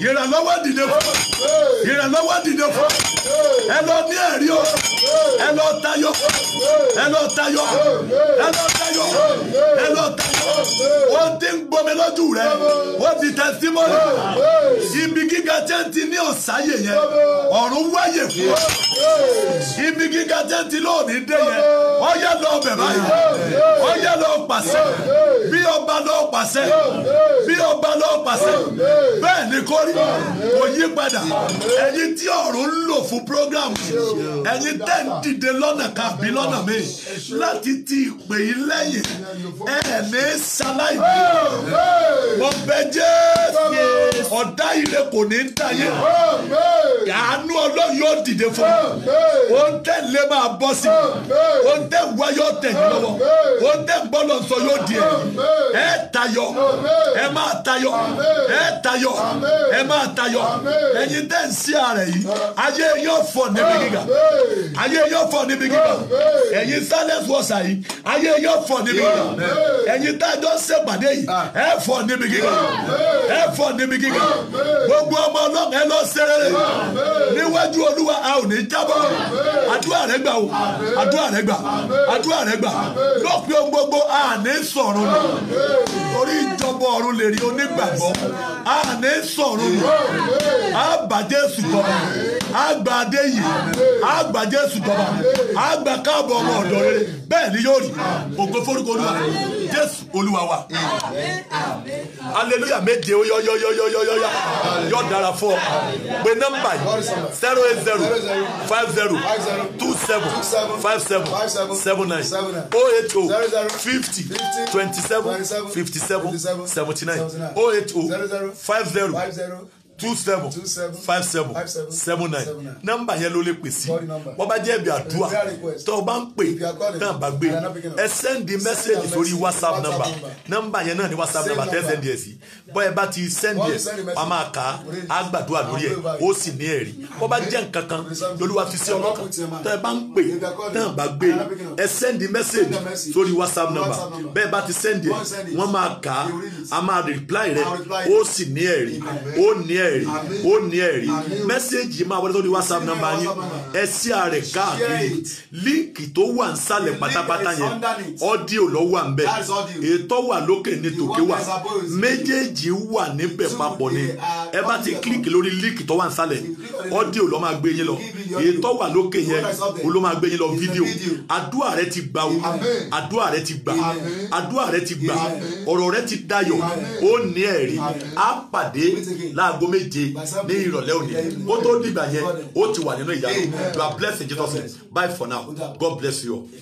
S1: ìrànlọ́wọ́ dìde fún ìrànlọ́wọ́ dìde fún ẹ lọ ní ẹ̀rí o ẹ lọ tayọ ẹ lọ tayọ ẹ lọ tayọ
S2: ẹ lọ tayọ ó
S1: ti ń gbomi lójú rẹ ó ti tẹ símọ́lì ibi gíga tẹ́ ń ti ní òsáyè yẹn ọ̀run wáyè fún ọ ibi gíga tẹ́ ń ti lóòní dé yẹn ọyá lọ bẹ̀ báyìí ọyá lọ pàṣẹ bí ọba lọ pàṣẹ bí ọba lọ pàṣẹ bẹ́ẹ̀ ni kò rí kò yí padà ẹ̀yin tí ọ̀run ń lò fún program ẹ̀yin tẹ́ ń dìde lọ́nà kàbí lọ́nà mi láti ti ìpè yín lẹ́yìn ẹ̀ ní sáláì mo bẹ jẹ́ ọ̀dá ire kò ní táyé àánú ọlọ́run yóò dìde fún mi ohun tẹ́ lé máa bọ́ sí mi ohun tẹ́ wá yóò tẹ̀ yín lọ́wọ́ ohun tẹ́ gbọ́dọ̀ sọ yóò di ẹ̀ ẹ tayọ ẹ máa tayọ ẹ tayọ ẹ máa tayọ ẹ̀yin tẹ́ ń sí ààrẹ yìí
S2: ayé yóò fọ̀ níbi gíga
S1: ayé yóò fọ̀ níbi gíga ẹ̀yin silence wọ́sà yìí ayé yóò fọ̀ níbi gíga ẹ̀yin tá a jọ yìí ẹ fọ̀ níbi gíga ẹ fọ̀ níbi gíga gbogbo ọmọ ọlọ́run ẹ lọ sẹ́rẹ̀rẹ̀ níwájú olúwa a ò ní jábọ́ àdúrà rẹ gbà o àdúrà rẹ gbà àdúrà rẹ gbà lọ́pẹ́ ohun gbogbo a ní sọ̀rọ̀ nù orí ìjọba ọ̀run lè rí onígbàgbọ́ a ní sọ̀rọ̀ nù a bá Jésù jọba a gba adé yìí a gba Jésù jọba a gba káàbọ̀ ọmọ ọ̀dọ́ rere bẹ́ẹ̀ ni yóò rí ògo forúkọ olúwa jésù olúwa wa hallelujah méje ó yọ yọ yọ yọ yọ yọ yọ yọ dára lára fún ọ pé nọ́mbà yìí zero eight zero five zero two seven five seven seven nine oh eight oh fifty twenty seven fifty seven seventy nine oh eight oh five zero two seven five seven seven nine number yẹn ló lè pè sí wọ́n bá jẹ́ ibi àdúrà tó o bá ń pè náà bá gbé ẹ sẹ́ndì mẹ́sẹ̀gì sórí whatsapp number. Number yẹn náà ni whatsapp number. tẹ́ sẹ́ndì ẹ̀ sí bọ́ ẹ bá ti sẹ́ndì ẹ̀ wọ́n máa kà á gbàdúrà lórí ẹ̀ ó sì ní ẹ̀rí wọ́n bá jẹ́ nǹkan kan lolúwa fi sí ọlọ́kan tó ẹ bá ń pè náà bá gbé ẹ sẹ́ndì mẹ́sẹ̀gì sórí whatsapp number. bẹ́ẹ̀ bá ti sẹ́ndì ẹ̀ wọ́n máa kà á máa reply rẹ̀ ó sì ní ẹ̀rí ó ní ẹ̀ ẹ̀rí ó ní ẹ̀rí mẹ́sẹ̀gì máa wọlé lórí whatsapp nọ́mbà yín ẹ sí káàkiri líǹkì tó wà ń sàlẹ̀ pátápátá yẹn ọ́díò ló wà ń bẹ̀ ètò wà lókè ní tòkè wà méjèèjì wà níbẹ̀ papọ̀ ni ẹ bá ti kílíkì lórí líǹkì tó wà ń sàlẹ̀ ọ́díò ló máa gbé yín lọ ètò wà lókè yẹn ló máa gbé yín lọ fídíò àdúrà rẹ ti gbà wú àdúrà rẹ ti gbà àdúrà rẹ ti gbà ọ̀rọ̀ rẹ ti dayọ̀ ó ní ẹ̀rí á pàdé láago méje ní ìrọ̀lẹ́ òní kó tó dìgbà yẹn ó ti wà nínú ìyanu you are blessed in Jesus name bye for now God bless you.